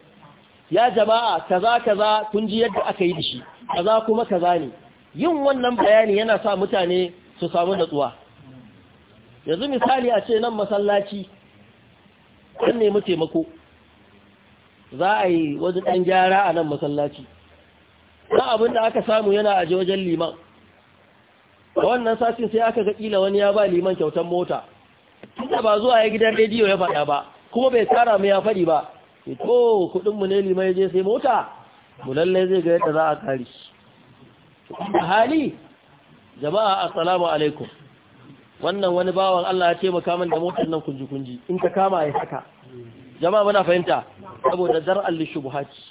ya jama'a kaza kaza kun ji yadda aka yi da shi kaza kuma kaza ne yin wannan bayani yana sa mutane su samu natsuwa yanzu misali a ce nan masallaci kan nemi taimako za a yi wajen ɗan gyara a nan masallaci na abin da aka samu yana aje wajen liman a wannan sashin sai aka ga kila wani ya ba liman kyautar mota tunda ba zuwa ya gidan rediyo ya faɗa ba kuma bai tsara mai ya faɗi ba to kuɗin mu ne liman ya je sai mota mu lalle zai ga yadda za a kare hali jama'a assalamu alaikum wannan wani bawan Allah ya taimaka min da motar nan kunji kunji in ka kama ya saka jama'a muna fahimta saboda zar alli lishubuhati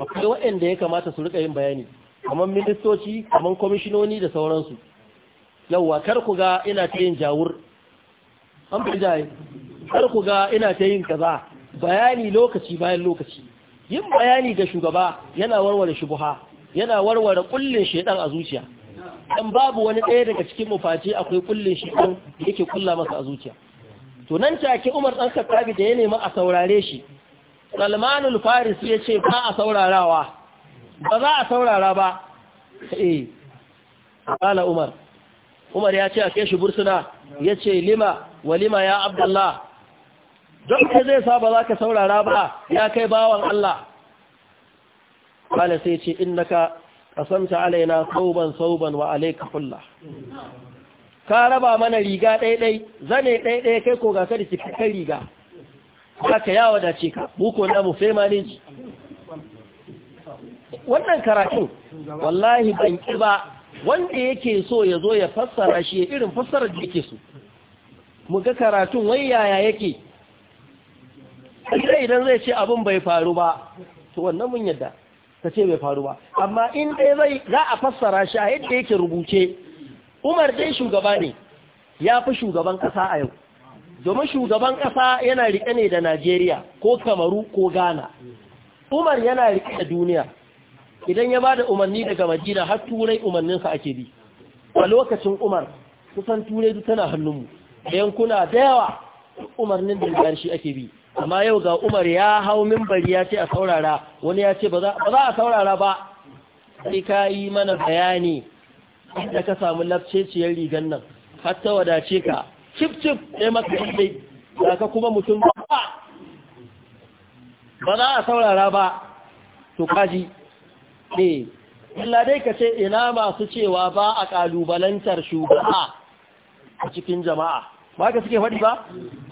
akwai waɗanda ya kamata su riƙa yin bayani kamar ministoci kamar kwamishinoni da sauransu Yauwa kar ku ga ina ta yin jawur an fi jaye kar ku ga ina ta yin kaza bayani lokaci bayan lokaci yin bayani ga shugaba yana warware shubuha yana warware kullin shedan a zuciya dan babu wani ɗaya daga cikin mufaci akwai kullin shedan yake kulla masa a zuciya to nan take Umar dan Khattabi da ya nemi a saurare shi Salmanul Faris ya ce ba a saurarawa ba za a saurara ba eh Umar umar ya ce a kai shi bursuna ya ce lima wa lima ya abdallah don ka zai saba za ka saurara ba ya kai bawan Allah kala sai ce in naka kasanta alaina sauban sauban wa alaika kulla ka raba mana riga ɗaiɗai zane ɗaiɗai kai ko ga da da kai riga za ka yawa da ce ka buko na mu ne wannan karatun wallahi ban ƙi ba wanda yake so ya zo ya fassara shi ya irin fassarar da yake so mu ga karatun wai yaya yake sai idan zai ce abin bai faru ba to wannan mun yadda ta ce bai faru ba amma in dai zai za a fassara shi a yadda yake rubuce Umar dai shugaba ne ya fi shugaban ƙasa a yau domin shugaban ƙasa yana riƙe ne da Najeriya ko Kamaru ko Ghana Umar yana riƙe da duniya idan ya bada umarni daga madina har turai umarninsa ake bi a lokacin umar kusan turai duk tana hannunmu da yankuna da yawa umarnin da ya shi ake bi amma yau ga umar ya hau mimbari ya ce a saurara wani ya ce ba za a saurara ba sai ka yi mana bayani da ka samu lafceciyar rigan nan har ta wadace ka cif cif ɗaya maka ɗai da ka kuma mutum ba ba za a saurara ba to kaji ne illa dai ka ce ina masu cewa ba a ƙalubalantar shugaba a cikin jama'a ba ka suke faɗi ba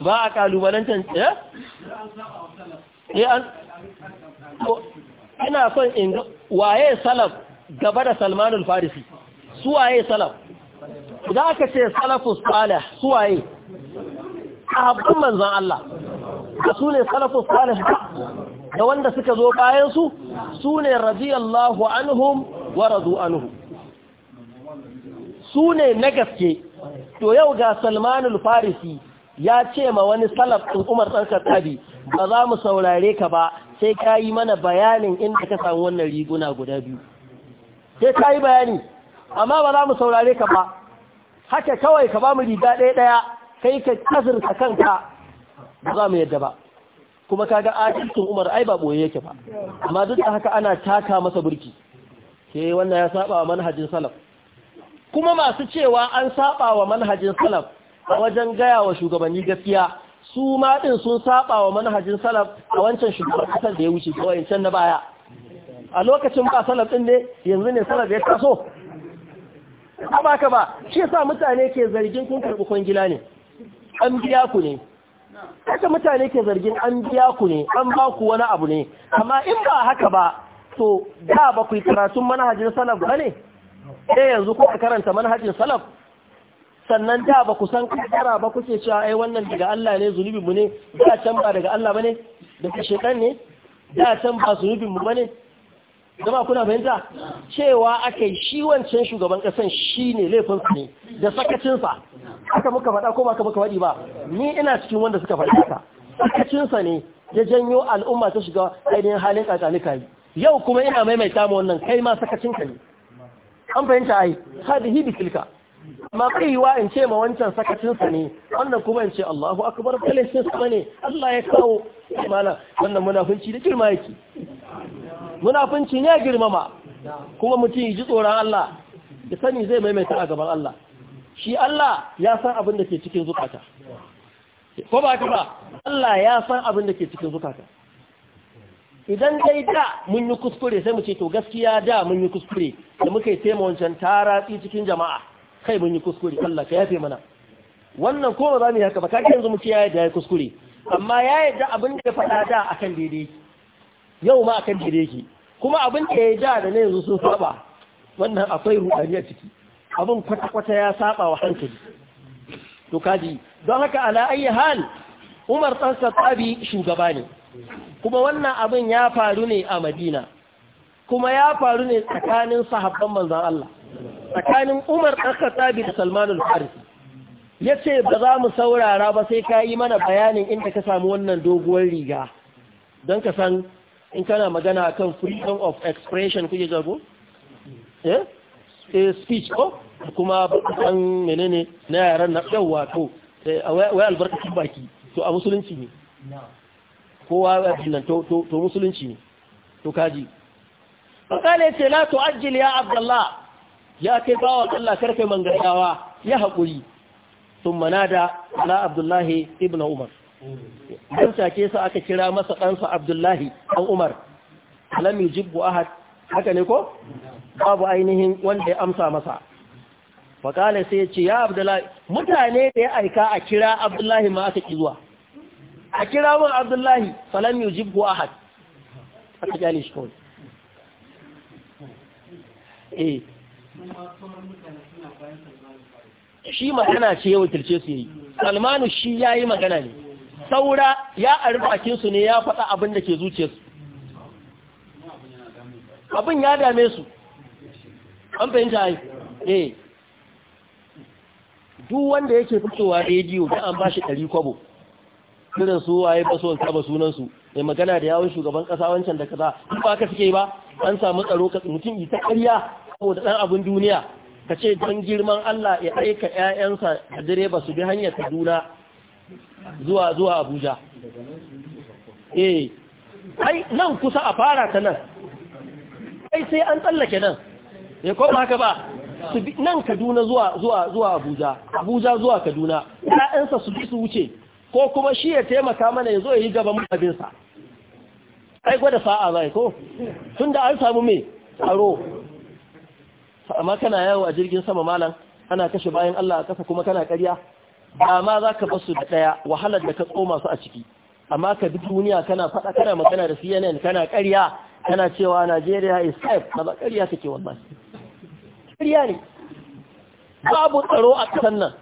ba a ƙalubalantar eh? eh ina son in waye salaf gaba da salmanul farisi Su waye salaf Za ka ce salafus su waye? a habban manzan Allah da su ne salafus salih da wanda suka zo bayan su sune radiyallahu anhum wa radu anhu sune na gaske to yau ga Salmanul Farisi ya ce ma wani salaf ɗin Umar ɗan Khattabi ba za mu saurare ka ba sai ka mana bayanin inda ka samu wannan riguna guda biyu sai ka bayani amma ba za mu saurare ka ba haka kawai ka ba mu riga ɗaya ɗaya kai ka kasirka kanka ba za mu yadda ba kuma kaga adalcin Umar ai ba boye yake ba amma duk da haka ana taka masa burki sai wannan ya saba wa manhajin salaf kuma masu cewa an saba wa manhajin salaf a wajen gaya wa shugabanni gaskiya su ma din sun saba wa manhajin salaf a wancan shugaban da ya wuce ko can na baya a lokacin ba salaf din ne yanzu ne salaf ya taso ba ka ba shi yasa mutane ke zargin kun karbi kwangila ne an biya ku ne haka mutane ke zargin an biya ku ne an ba ku wani abu ne amma in ba haka ba to da ba ku yi karatun manhajin salaf ba ne sai eh, yanzu kuka karanta manhajin salaf sannan da ba ku san kankara ba kuke cewa ai wannan daga Allah ne zunubi mu ne da can ba daga Allah bane daga shedan ne da can ba zunubin mu bane zama kuna fahimta cewa aka yi shi wancan shugaban kasan shi ne laifinsa ne da sakacinsa aka muka faɗa ko ba ka muka faɗi ba ni ina cikin wanda suka faɗi ka sakacinsa ne ya janyo al'umma ta shiga ainihin halin kakanika yi yau kuma ina maimaita mu wannan kai ma sakacinka ne an fahimta ai hadihi bikilka amma wa in ce ma wancan sakacinsa ne wannan kuma in ce Allahu akbar kaleshin sa ne Allah ya kawo mana wannan munafunci da girma yake munafunci ne girmama kuma mutum ya ji tsoron Allah ya sani zai maimaita a gaban Allah shi Allah ya san abin da ke cikin zukata ko ba ka ba Allah ya san abin da ke cikin zukata idan dai da mun yi kuskure sai mu ce to gaskiya da mun yi kuskure da muka yi taimawancan taratsi cikin jama'a kai mun yi kuskure Allah ka yafe mana wannan ko ba mu yi haka ba kake yanzu muke yayi da yayi kuskure amma ya yadda abin da faɗa da akan daidai yau ma akan daidai yake. kuma abin da ya da da na yanzu sun saba wannan akwai rudani a ciki abin kwata-kwata ya saba wa hankali to kaji don haka ala ayi hal Umar dan Khattabi shugaba ne kuma wannan abin ya faru ne a Madina kuma ya faru ne tsakanin sahabban manzon Allah tsakanin Umar ɗan Khattabi da salmanul al ya ce ba za mu saurara ba sai ka yi mana bayanin inda ka samu wannan doguwar riga don ka san in kana magana akan freedom of expression kuke jago eh? eh speech ko kuma an menene na yaran na yawa to eh, wai albarkacin baki to a musulunci ne kowa nan to musulunci ne to kaji ne ce la to ya abdallah ya kai bawa Allah karfe mangarawa ya haƙuri sun da ala abdullahi ibn umar ɗan sake sa aka kira masa ɗansa abdullahi ɗan umar alamu jibbu ahad haka ne ko babu ainihin wanda ya amsa masa faƙalai sai ce ya abdullahi mutane da ya aika a kira abdullahi ma aka ƙi zuwa a kira mun abdullahi Salamu Jibbu ahad aka kyale shi kawai eh shi magana ce ya wakilce su yi salmanu shi ya yi magana ne saura ya a bakinsu ne ya faɗa abin da ke su abin ya dame su an fahimta yi eh duk wanda yake fitowa rediyo da an ba shi ɗari kwabo kiran su waye ba so saba sunansu mai magana da yawon shugaban ƙasa wancan da kaza ba ka suke ba an samu tsaro ka mutum ita ƙarya saboda ɗan abin duniya ka ce don girman Allah ya aika 'ya'yansa da direba su bi hanyar Kaduna zuwa zuwa Abuja eh ai nan kusa a fara ta nan ai sai an tsallake nan ya eh, koma haka ba su bi nan Kaduna zuwa zuwa zuwa Abuja Abuja zuwa Kaduna 'ya'yansa su bi su wuce ko kuma shi ya taimaka mana ya zo ya yi gaban abinsa ai gwada sa'a zai ko tunda an samu mai tsaro amma kana yawo a jirgin sama malam ana kashe bayan Allah a kasa kuma kana ƙarya amma za ka basu da ɗaya wahalar da ka tsoma su a ciki amma ka bi duniya kana faɗa kana magana da CNN kana ƙarya kana cewa Najeriya is safe ba ƙarya take wallahi ƙarya ne babu tsaro a kasan nan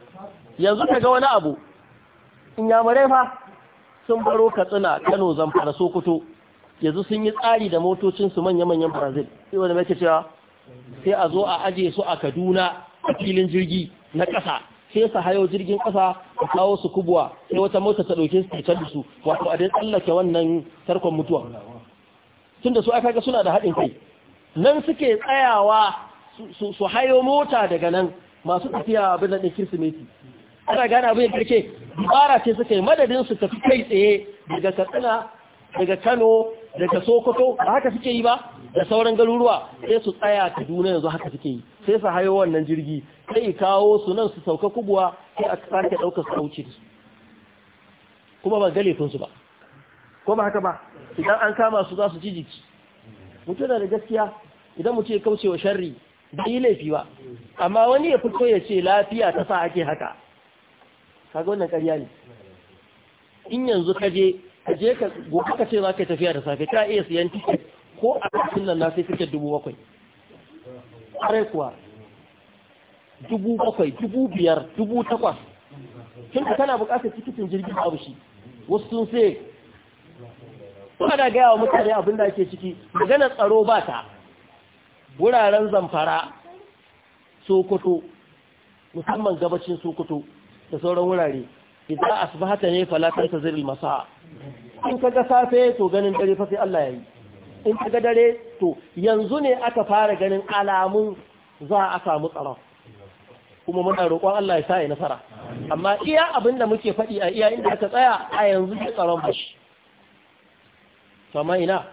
yanzu ka ga wani abu in ya mare fa sun baro katsina kano zamfara sokoto yanzu sun yi tsari da motocinsu manya-manyan brazil sai wanda mai cewa sai a zo a aje su a kaduna a filin jirgi na ƙasa sai su hayo jirgin ƙasa a kawo su kubuwa sai wata mota ta ɗauke su ta su wato a dai tsallake wannan tarkon mutuwa tun da su aka ga suna da haɗin kai nan suke tsayawa su hayo mota daga nan masu tafiya abin ɗin kirsimeti ana gane abin karke dubara ce suka yi madadin su tafi kai tsaye daga katsina daga kano daga sokoto ba haka suke yi ba da sauran garuruwa sai su tsaya kaduna yanzu haka suke yi sai su hayo wannan jirgi sai kawo su nan su sauka kubuwa sai a sake ɗaukar su kauce da su kuma ba ga laifinsu ba ko ba haka ba idan an kama su za su ji jiki mutum da gaskiya idan mutum ya kauce wa sharri ba yi laifi ba amma wani ya fito ya ce lafiya ta sa ake haka kaga wannan ƙarya ne in yanzu ka je ka je ka gobe ka ce za ka tafiya da safe ka iya siyan tiket ko a cikin nan na sai suke dubu bakwai ƙwarai kuwa dubu bakwai dubu biyar dubu takwas tun da kana buƙatar tikitin jirgin abu shi wasu sun sai kuma da gaya wa mutane abin da ake ciki magana tsaro ba ta wuraren zamfara sokoto musamman gabacin sokoto da sauran wurare idan asbahata ne falatar ta zirin masa in ga safe to ganin dare fa sai Allah yi. in ta ga dare to yanzu ne aka fara ganin alamun za a samu tsaron kuma muna roƙon Allah ya sa nasara amma iya abin da muke faɗi a iya inda aka tsaya a yanzu ke tsaron shi sama ina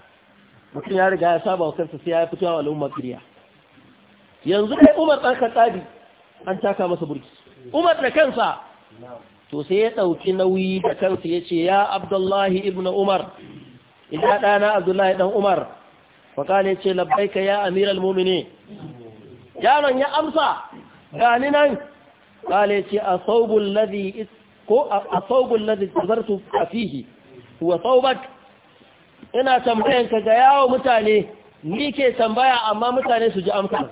mutum ya riga ya saba kansa sai ya fito wa al'umma kiriya yanzu dai Umar ɗan tsabi an taka masa burki Umar da kansa to sai ya ɗauki nauyi da kansa ya ce ya Abdullahi ibn Umar ina ɗana abdullahi ɗan umar faƙale ce labbaika ya amiral mumini yaron ya amsa gani nan ƙale ce a saubun lazi ko a saubun lazi zartu a fihi wa saubat ina tambayanka ga yawo mutane ni ke tambaya amma mutane su ji amsa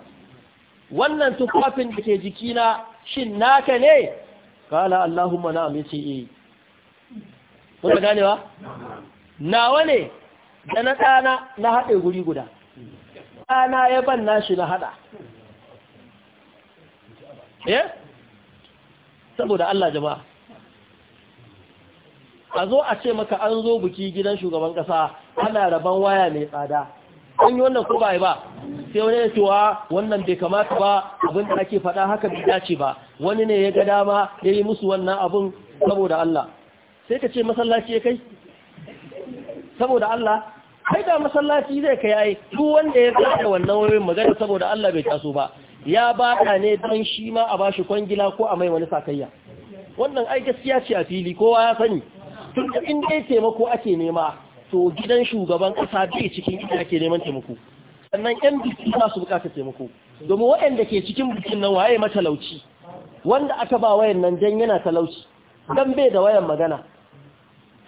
wannan tufafin da ke jikina shin naka ne kala allahumma na'am yace eh kun ganewa nawa ne da na ɗana na haɗe guri guda ɗana ya ban nashi na haɗa eh saboda Allah jama'a a zo a ce maka an zo buki gidan shugaban ƙasa ana rabon waya mai tsada an yi wannan ko bai ba sai wani ya cewa wannan bai kamata ba abin da ake faɗa haka bai dace ba wani ne ya ga dama ya yi musu wannan abin saboda Allah sai ka ce masallaci ya kai saboda Allah sai da masallaci zai kai ai duk wanda ya tsaya wannan wurin magana saboda Allah bai taso ba ya bada ne dan shi ma a bashi kwangila ko a mai wani sakayya wannan ai gaskiya ce a fili kowa ya sani tun da in dai taimako ake nema to gidan shugaban kasa bai cikin inda ake neman taimako sannan yan biki ba su bukatar taimako domin waɗanda ke cikin bikin nan waye matalauci wanda aka ba wayan nan dan yana talauci dan bai da wayan magana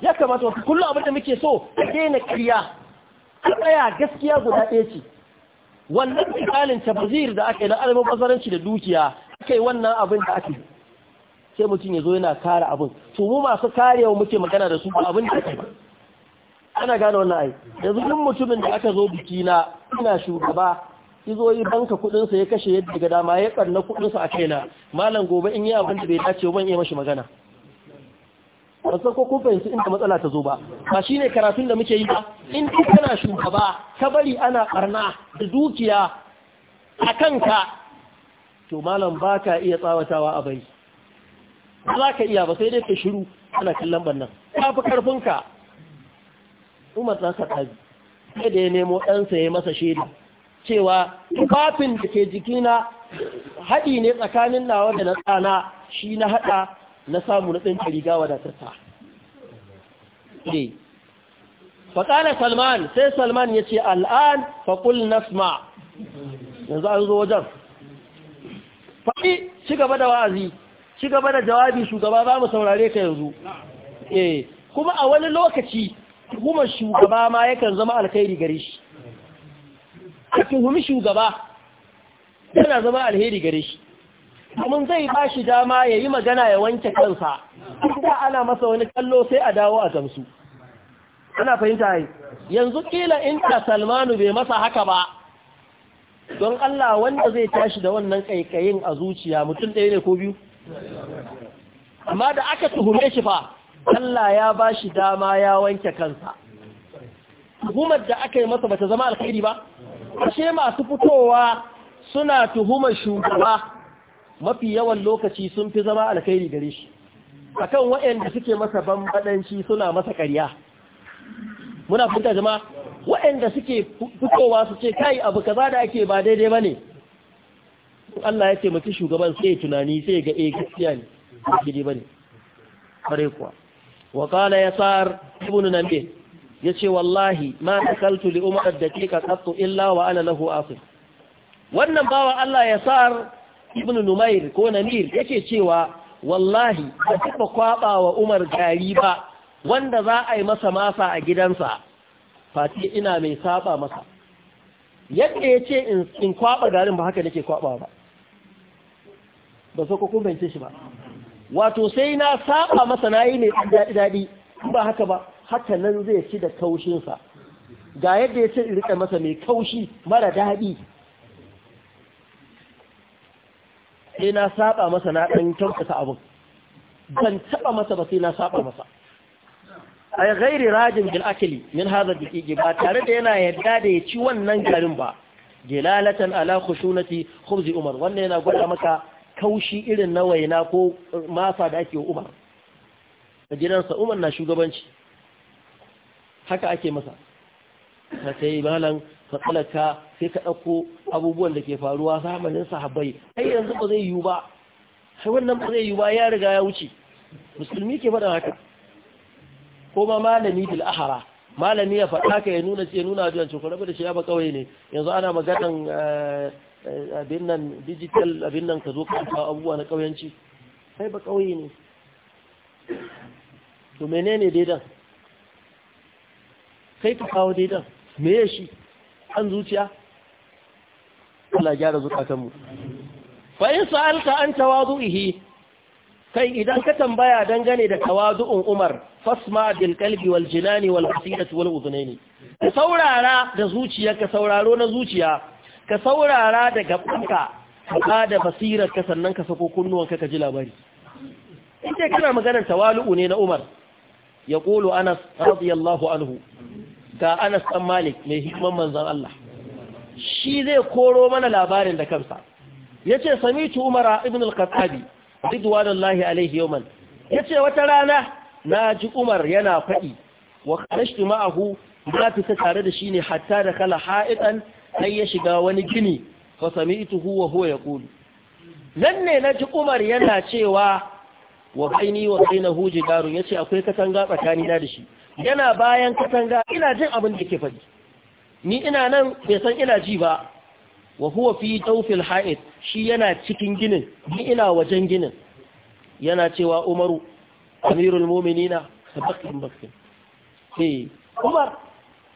ya kamata wasu kullum abin da muke so a daina kariya. a tsaya gaskiya guda ɗaya ce wannan misalin tabbazir da aka yi na alamun basaranci da dukiya aka yi wannan abin da aka yi sai mutum ya zo yana kare abin to mu masu wa muke magana da su abin da aka yi ana gane wannan ai yanzu duk mutumin da aka zo biki na ina shugaba izo yi banka kudin sa ya kashe yadda ga dama ya karna kudin sa a kaina malam gobe in yi abin da bai dace ba ban iya mashi magana ba san ko kun fahimci inda matsala ta zo ba ba ne karatun da muke yi ba in duk kana shugaba ka bari ana karna da dukiya a kanka to malam ba ka iya tsawatawa a bai ba za ka iya ba sai dai ka shiru ana kallon bannan ka fi karfinka umar ɗansa ɗazi sai da ya nemo ɗansa ya masa shida cewa tufafin da ke jikina haɗi ne tsakanin nawa da na tsana shi na haɗa na samu na tsinka riga wadatarsa ne eh. faƙala salman sai salman ya ce al'an faƙul nasma yanzu an zo wajen faɗi ci gaba da wa'azi ci gaba da jawabi shugaba za mu saurare ka yanzu E, kuma a wani lokaci kuma shugaba ma yakan zama alkhairi gare shi a tuhumi shugaba yana zama alheri gare shi domin zai ba shi dama ya yi magana ya wanke kansa da ana masa wani kallo sai a dawo a gamsu ana fahimta yi yanzu kila inda salmanu bai masa haka ba don Allah wanda zai tashi da wannan kaikayin a zuciya mutum ɗaya ne ko biyu amma da aka tuhume shi fa Allah ya ba shi dama ya wanke kansa tuhumar da aka yi masa bata zama alkhairi ba ashe masu fitowa suna tuhumar shugaba mafi yawan lokaci sun fi zama alkhairi gare shi akan waɗanda suke masa bambadanci suna masa ƙarya muna fita jama'a waɗanda suke fitowa su ce kai abu kaza da ake ba daidai bane Allah ya ce shugaban sai tunani sai ga eh gaskiya ne ba daidai bane kuwa wa qala yasar ibn nabi yace wallahi ma takaltu li umar daqiqa qattu illa wa ana lahu asif wannan bawa Allah yasar ibn numair ko namir yake cewa wallahi ba taɓa kwaba wa umar gari ba wanda za a yi masa masa a gidansa fati ina mai saba masa yadda ya ce in kwaɓa garin ba haka nake kwaba ba ba so ko kumfance shi ba wato sai na saba masa na yi mai daɗi-daɗi ba haka ba haka nan zai ci da kaushinsa ga yadda ya ce in riƙe masa mai kaushi mara daɗi sai na saba masa na ɗan kyautata abin ban taɓa masa ba sai na saba masa a gairi rajin bil akili min haza dakiki ba tare da yana yadda da ya ci wannan garin ba gilalatan ala khushunati khubzi umar wannan yana gwada maka kaushi irin na waina ko masa da ake umar a gidansa umar na shugabanci haka ake masa ta sai malam matsalarka sai ka ɗauko abubuwan da ke faruwa zamanin sahabbai ai yanzu ba zai yiwu ba sai wannan ba zai yiwu ba ya riga ya wuce musulmi ke faɗa haka ko ma malami bil ahara malami ya faɗa ka ya nuna ce nuna da cewa rabu da shi ya ba kawai ne yanzu ana maganan eh, eh, abin nan digital abin nan ka zo ka abubuwa na kauyanci sai ba kauye ne to menene daidan kai ka kawo daidan me ya shi An zuciya Allah gyara zukatanmu fa in sa'alta an tawadu'ihi kai idan ka tambaya dangane da tawazu'un Umar fasma bil qalbi wal jinani wal basirati wal ka saurara da zuciya ka sauraro na zuciya ka saurara da gabanka ka da basirar ka sannan ka sako kunnuwanka ka ji labari in kana maganar tawalu'u ne na Umar ƙolo Anas radiyallahu anhu ga Anas ɗan Malik mai hikiman manzon Allah shi zai koro mana labarin da kansa yace samitu Umar ibn al-Khattab ridwanullahi alayhi yawman yace wata rana naji Umar yana faɗi wa kharajtu ma'ahu na fita tare da shi ne hatta da kala ha'idan sai ya shiga wani gini fa sami'tuhu wa huwa yaqulu nan ne naji Umar yana cewa wa baini wa bainahu jidarun yace akwai katanga tsakani na da shi yana bayan katanga ina jin abin da ke faɗi ni ina nan bai san ina ji ba wa huwa fi dawfil ha'id shi yana cikin ginin ni ina wajen ginin yana cewa Umaru amirul mu'minina bakin bakin eh Umar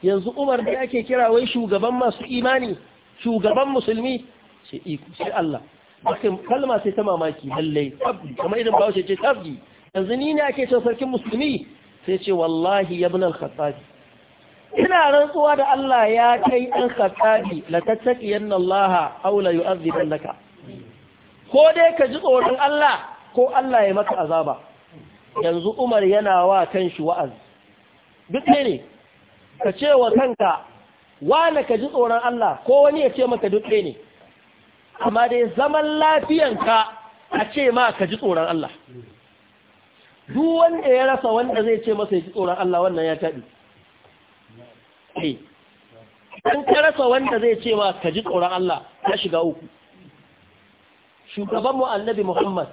yanzu Umar da ake kira wai shugaban masu imani shugaban musulmi sai iko sai Allah bakin kalma sai ta mamaki lalle tabbi kamar idan bawo ce tabbi yanzu ni ne ake cewa sarkin musulmi sai ce wallahi ya bunan khattabi ina rantsuwa da Allah ya kai ɗan khattabi la tattaqiyan Allah aw la yu'adhiban laka ko dai ka ji tsoron Allah ko Allah ya maka azaba yanzu Umar yana wa kan shi wa'azi duk ne ka ce wa kanka wane ka ji tsoron Allah ko wani ya ce maka duk ne amma dai zaman lafiyanka a ce ma ka ji tsoron Allah duk wanda ya rasa wanda zai ce masa ya ji tsoron Allah wannan ya taɓi eh. an ka rasa wanda zai ce ma ka ji tsoron Allah ya shiga uku shugabanmu annabi Muhammad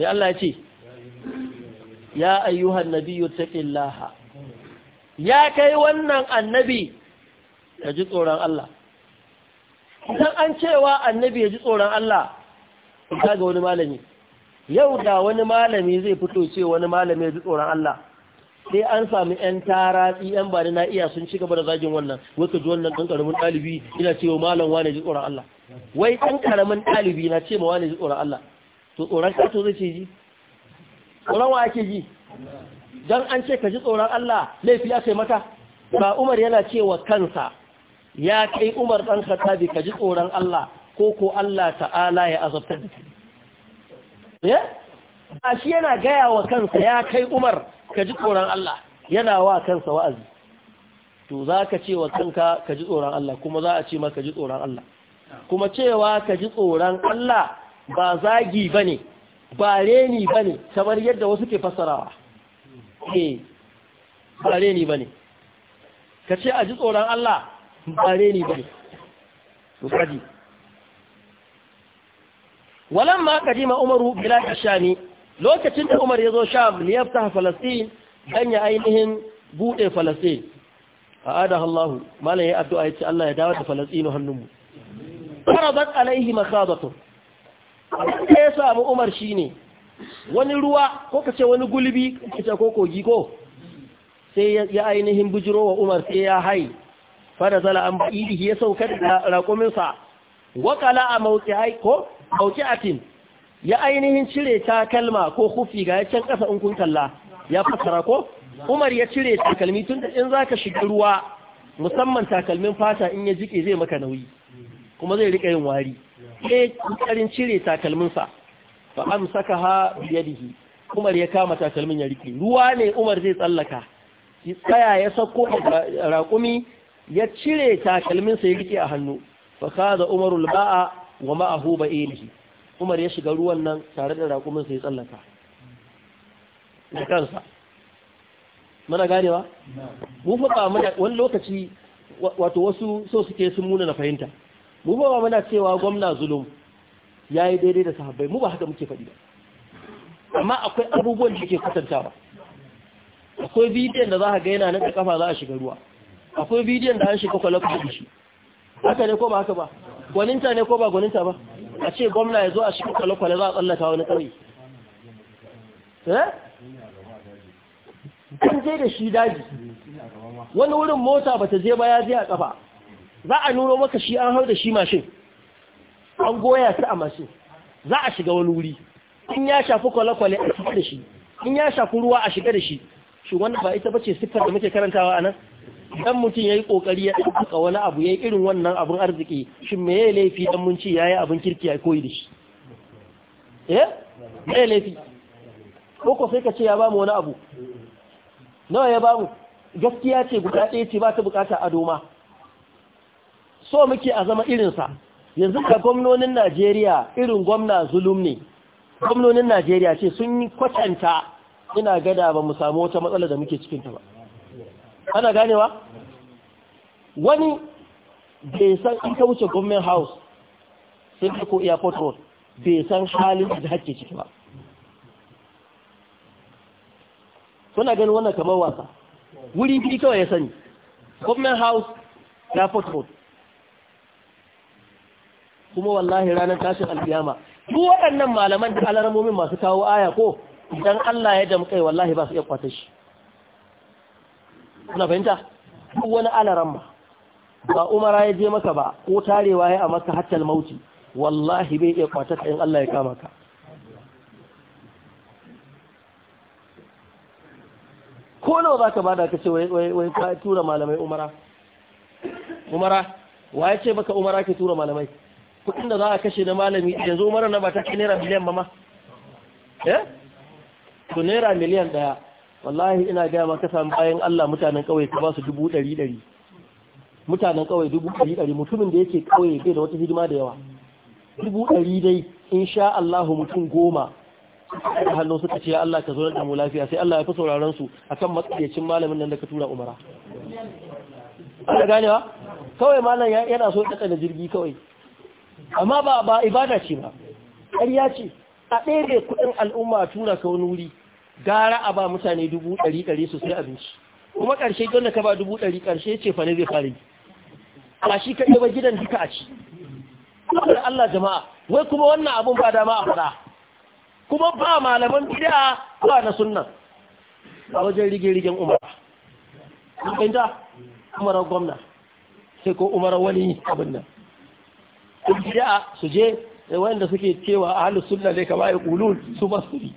mai Allah ya ce ya ayyuhan nabiyyu Laha. ya kai wannan annabi ya ji tsoron Allah idan an cewa annabi ya ji tsoron Allah ka ga wani malami yau da wani malami zai fito ce wani malami ji tsoron Allah sai an sami yan taratsi yan bani na iya sun ci gaba da zagin wannan wata ji wannan ɗan ƙaramin ɗalibi ina ce wa malam wane ji tsoron Allah wai ɗan ƙaramin ɗalibi na ce ma wane ji tsoron Allah to tsoron kato zai ce ji tsoron wa ake ji don an ce ka ji tsoron Allah laifi ya kai mata ba Umar yana cewa kansa ya kai Umar ɗan Khattabi ka ji tsoron Allah ko ko Allah ta'ala ya azabtar da kai Eh? a shi yana gaya wa kansa ya kai umar ka ji tsoron Allah yana wa kansa wa'azi to za ka ce wa kanka ka ji tsoron Allah kuma za a ce ma ka ji tsoron Allah kuma cewa ka ji tsoron Allah ba zagi ba ne ba reni ba ne kamar yadda wasu ke fassarawa eh ba reni ba ne ka ce a ji tsoron Allah ba reni ba ne Walan ma kadima umaru bilad shami lokacin da umar ya zo sham ya fita falastin dan ya ainihin bude falastin a'adaha Allah malai ya addu'a yace Allah ya dawo da falastin hannunmu faradat alaihi makhadatu da ya samu umar shine wani ruwa ko kace wani gulbi kace ko kogi ko sai ya ainihin bujiro wa umar sai ya hai fara zala an ba'idihi ya sauka da raƙuminsa wakala a mawuce hai ko atin ya ainihin cire takalma ko kufi ga yaken ƙasa in kun kalla ya fasara ko Umar ya cire takalmi tun da in zaka shiga ruwa musamman takalmin fata in ya jike zai maka nauyi kuma zai rika yin wari sai eh, kokarin cire takalmin sa fa amsakaha bi yadihi Umar ya kama takalmin ya rike ruwa ne Umar zai tsallaka tsaya ya sako raƙumi ya cire takalminsa ya rike a hannu fa kaza Umarul ba'a wa ma'ahu ilihi Umar ya shiga ruwan nan tare da raƙumin sai tsallaka da kansa muna ganewa mu fa muna wani lokaci wato wasu so suke sun muna na fahimta mu fa mana muna cewa gwamna zulum yi daidai da sahabbai mu ba haka muke faɗi ba. amma akwai abubuwan da ke kwatantawa akwai bidiyon da za a ga yana na ƙafa za a shiga ruwa akwai bidiyon da an shiga kwalakwa da shi haka ne ko ba haka ba gwaninta ne ko ba gwaninta ba a ce gwamna ya zo a shiga kwale-kwale za a tsallaka wani ƙauye eh? an je da shi daji wani wurin mota ba ta je ba ya je a ƙafa za a nuno maka shi an hau da shi mashin an goya su a mashin za a shiga wani wuri in ya shafi kwale-kwale a shiga da shi in ya shafi ruwa a shiga da shi shi wanda ba ita bace siffar da muke karantawa a nan dan mutum yayi kokari ya tsaka wani abu yayi irin wannan abun arziki shin me yayi laifi dan mun ci yayi abun kirki ya koyi da shi eh me yayi laifi ko sai ka ce ya bamu wani abu nawa ya bamu gaskiya ce guda ɗaya ce ba ta bukata a doma so muke a zama irinsa yanzu ga gwamnonin Najeriya irin gwamna zulum ne gwamnonin Najeriya ce sun yi kwatanta ina gada ba mu samu wata matsala da muke cikinta ba ana ganewa wani bai san an ta wuce government house sai ka ko airport road bai san halin da hake ciki ba suna ganin wannan kamar wasa wuri fi kawai ya sani government house airport road kuma wallahi ranar tashin alfiyama duk waɗannan malaman da alaramomin masu kawo aya ko idan Allah ya kai wallahi ba su iya kwata shi kuna fahimta duk wani alaran ba umara ya je maka ba ko tarewa ya a maka hattal mauti wallahi bai iya kwatar in Allah ya kama ka ko nawa za ka bada ka ce wai ka tura malamai umara umara wa ya ce maka umara ke tura malamai kudin da za a kashe na malami yanzu umara na ba ta kai naira miliyan ba ma eh to naira miliyan ɗaya. wallahi ina gaya maka samu bayan Allah mutanen kawai ka ba su dubu ɗari ɗari mutanen kawai dubu ɗari ɗari mutumin da yake kawai bai da wata hidima da yawa dubu ɗari dai in sha Allah mutum goma da hannun suka ce Allah ka zo da mu lafiya sai Allah ya fi sauraron su akan matsayacin malamin nan da ka tura umara ana ganewa kawai malam yana so ya da jirgi kawai amma ba ba ibada ce ba ƙarya ce a ɗaya kuɗin al'umma tura ka wani wuri gara a ba mutane dubu ɗari ɗari su sai abinci kuma ƙarshe don da ka ba dubu ɗari ƙarshe ce fa ne zai fara yi a shi ka ba gidan duka a ci saboda Allah jama'a wai kuma wannan abun ba dama a faɗa kuma ba malaman gida ba na sunna a wajen rige-rigen umar inda umar gwamna sai ko umar wani abin nan gida su je eh, wanda suke cewa ahlus sunna ne kama ya kulun su basri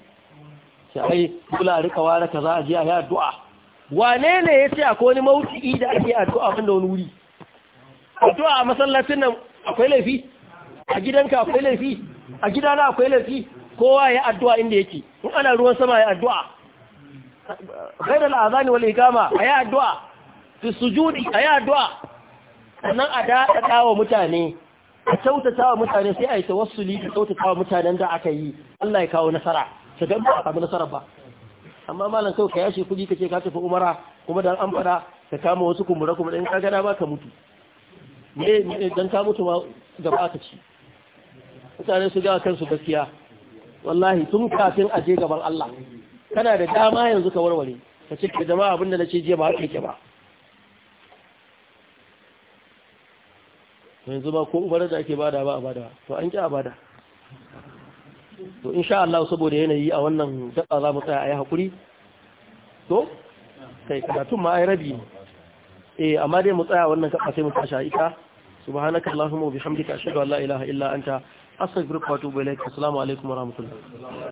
ce ai dole a rika ware kaza a je a yi addu'a wane ne ya ce akwai wani mawuci da ake addu'a wanda wani wuri addu'a a masallacin nan akwai laifi a gidanka akwai laifi a gidana akwai laifi kowa ya addu'a inda yake in ana ruwan sama ya addu'a غير الأذان والإقامة أيا addu'a? في a yi addu'a? sannan a daɗaɗa wa mutane a kyautata wa mutane sai a yi tawassuli da kyautata wa mutanen da aka yi Allah ya kawo nasara su ga a samu nasarar ba amma malam kawai ka yashe kuɗi kace ka tafi umara kuma dan an fada ka kama wasu kumbura kuma dan ka gada ba ka mutu me dan ka mutu ma gaba ka ci mutane su ga kansu gaskiya wallahi tun kafin aje gaban Allah kana da dama yanzu ka warware ka ce ka jama'a abinda na ce jiya ba haka yake ba yanzu ba ko ubarar da ake bada ba a bada to an ki a bada to insha Allah saboda yanayi a wannan gaba za mu tsaya a yi haƙuri to kai karatun ma ai rabi eh amma dai mu tsaya wannan gaba sai mu tashi a ita subhanaka allahumma wa bihamdika ashhadu an la ilaha illa anta astaghfiruka wa atubu ilaik assalamu alaikum wa rahmatullah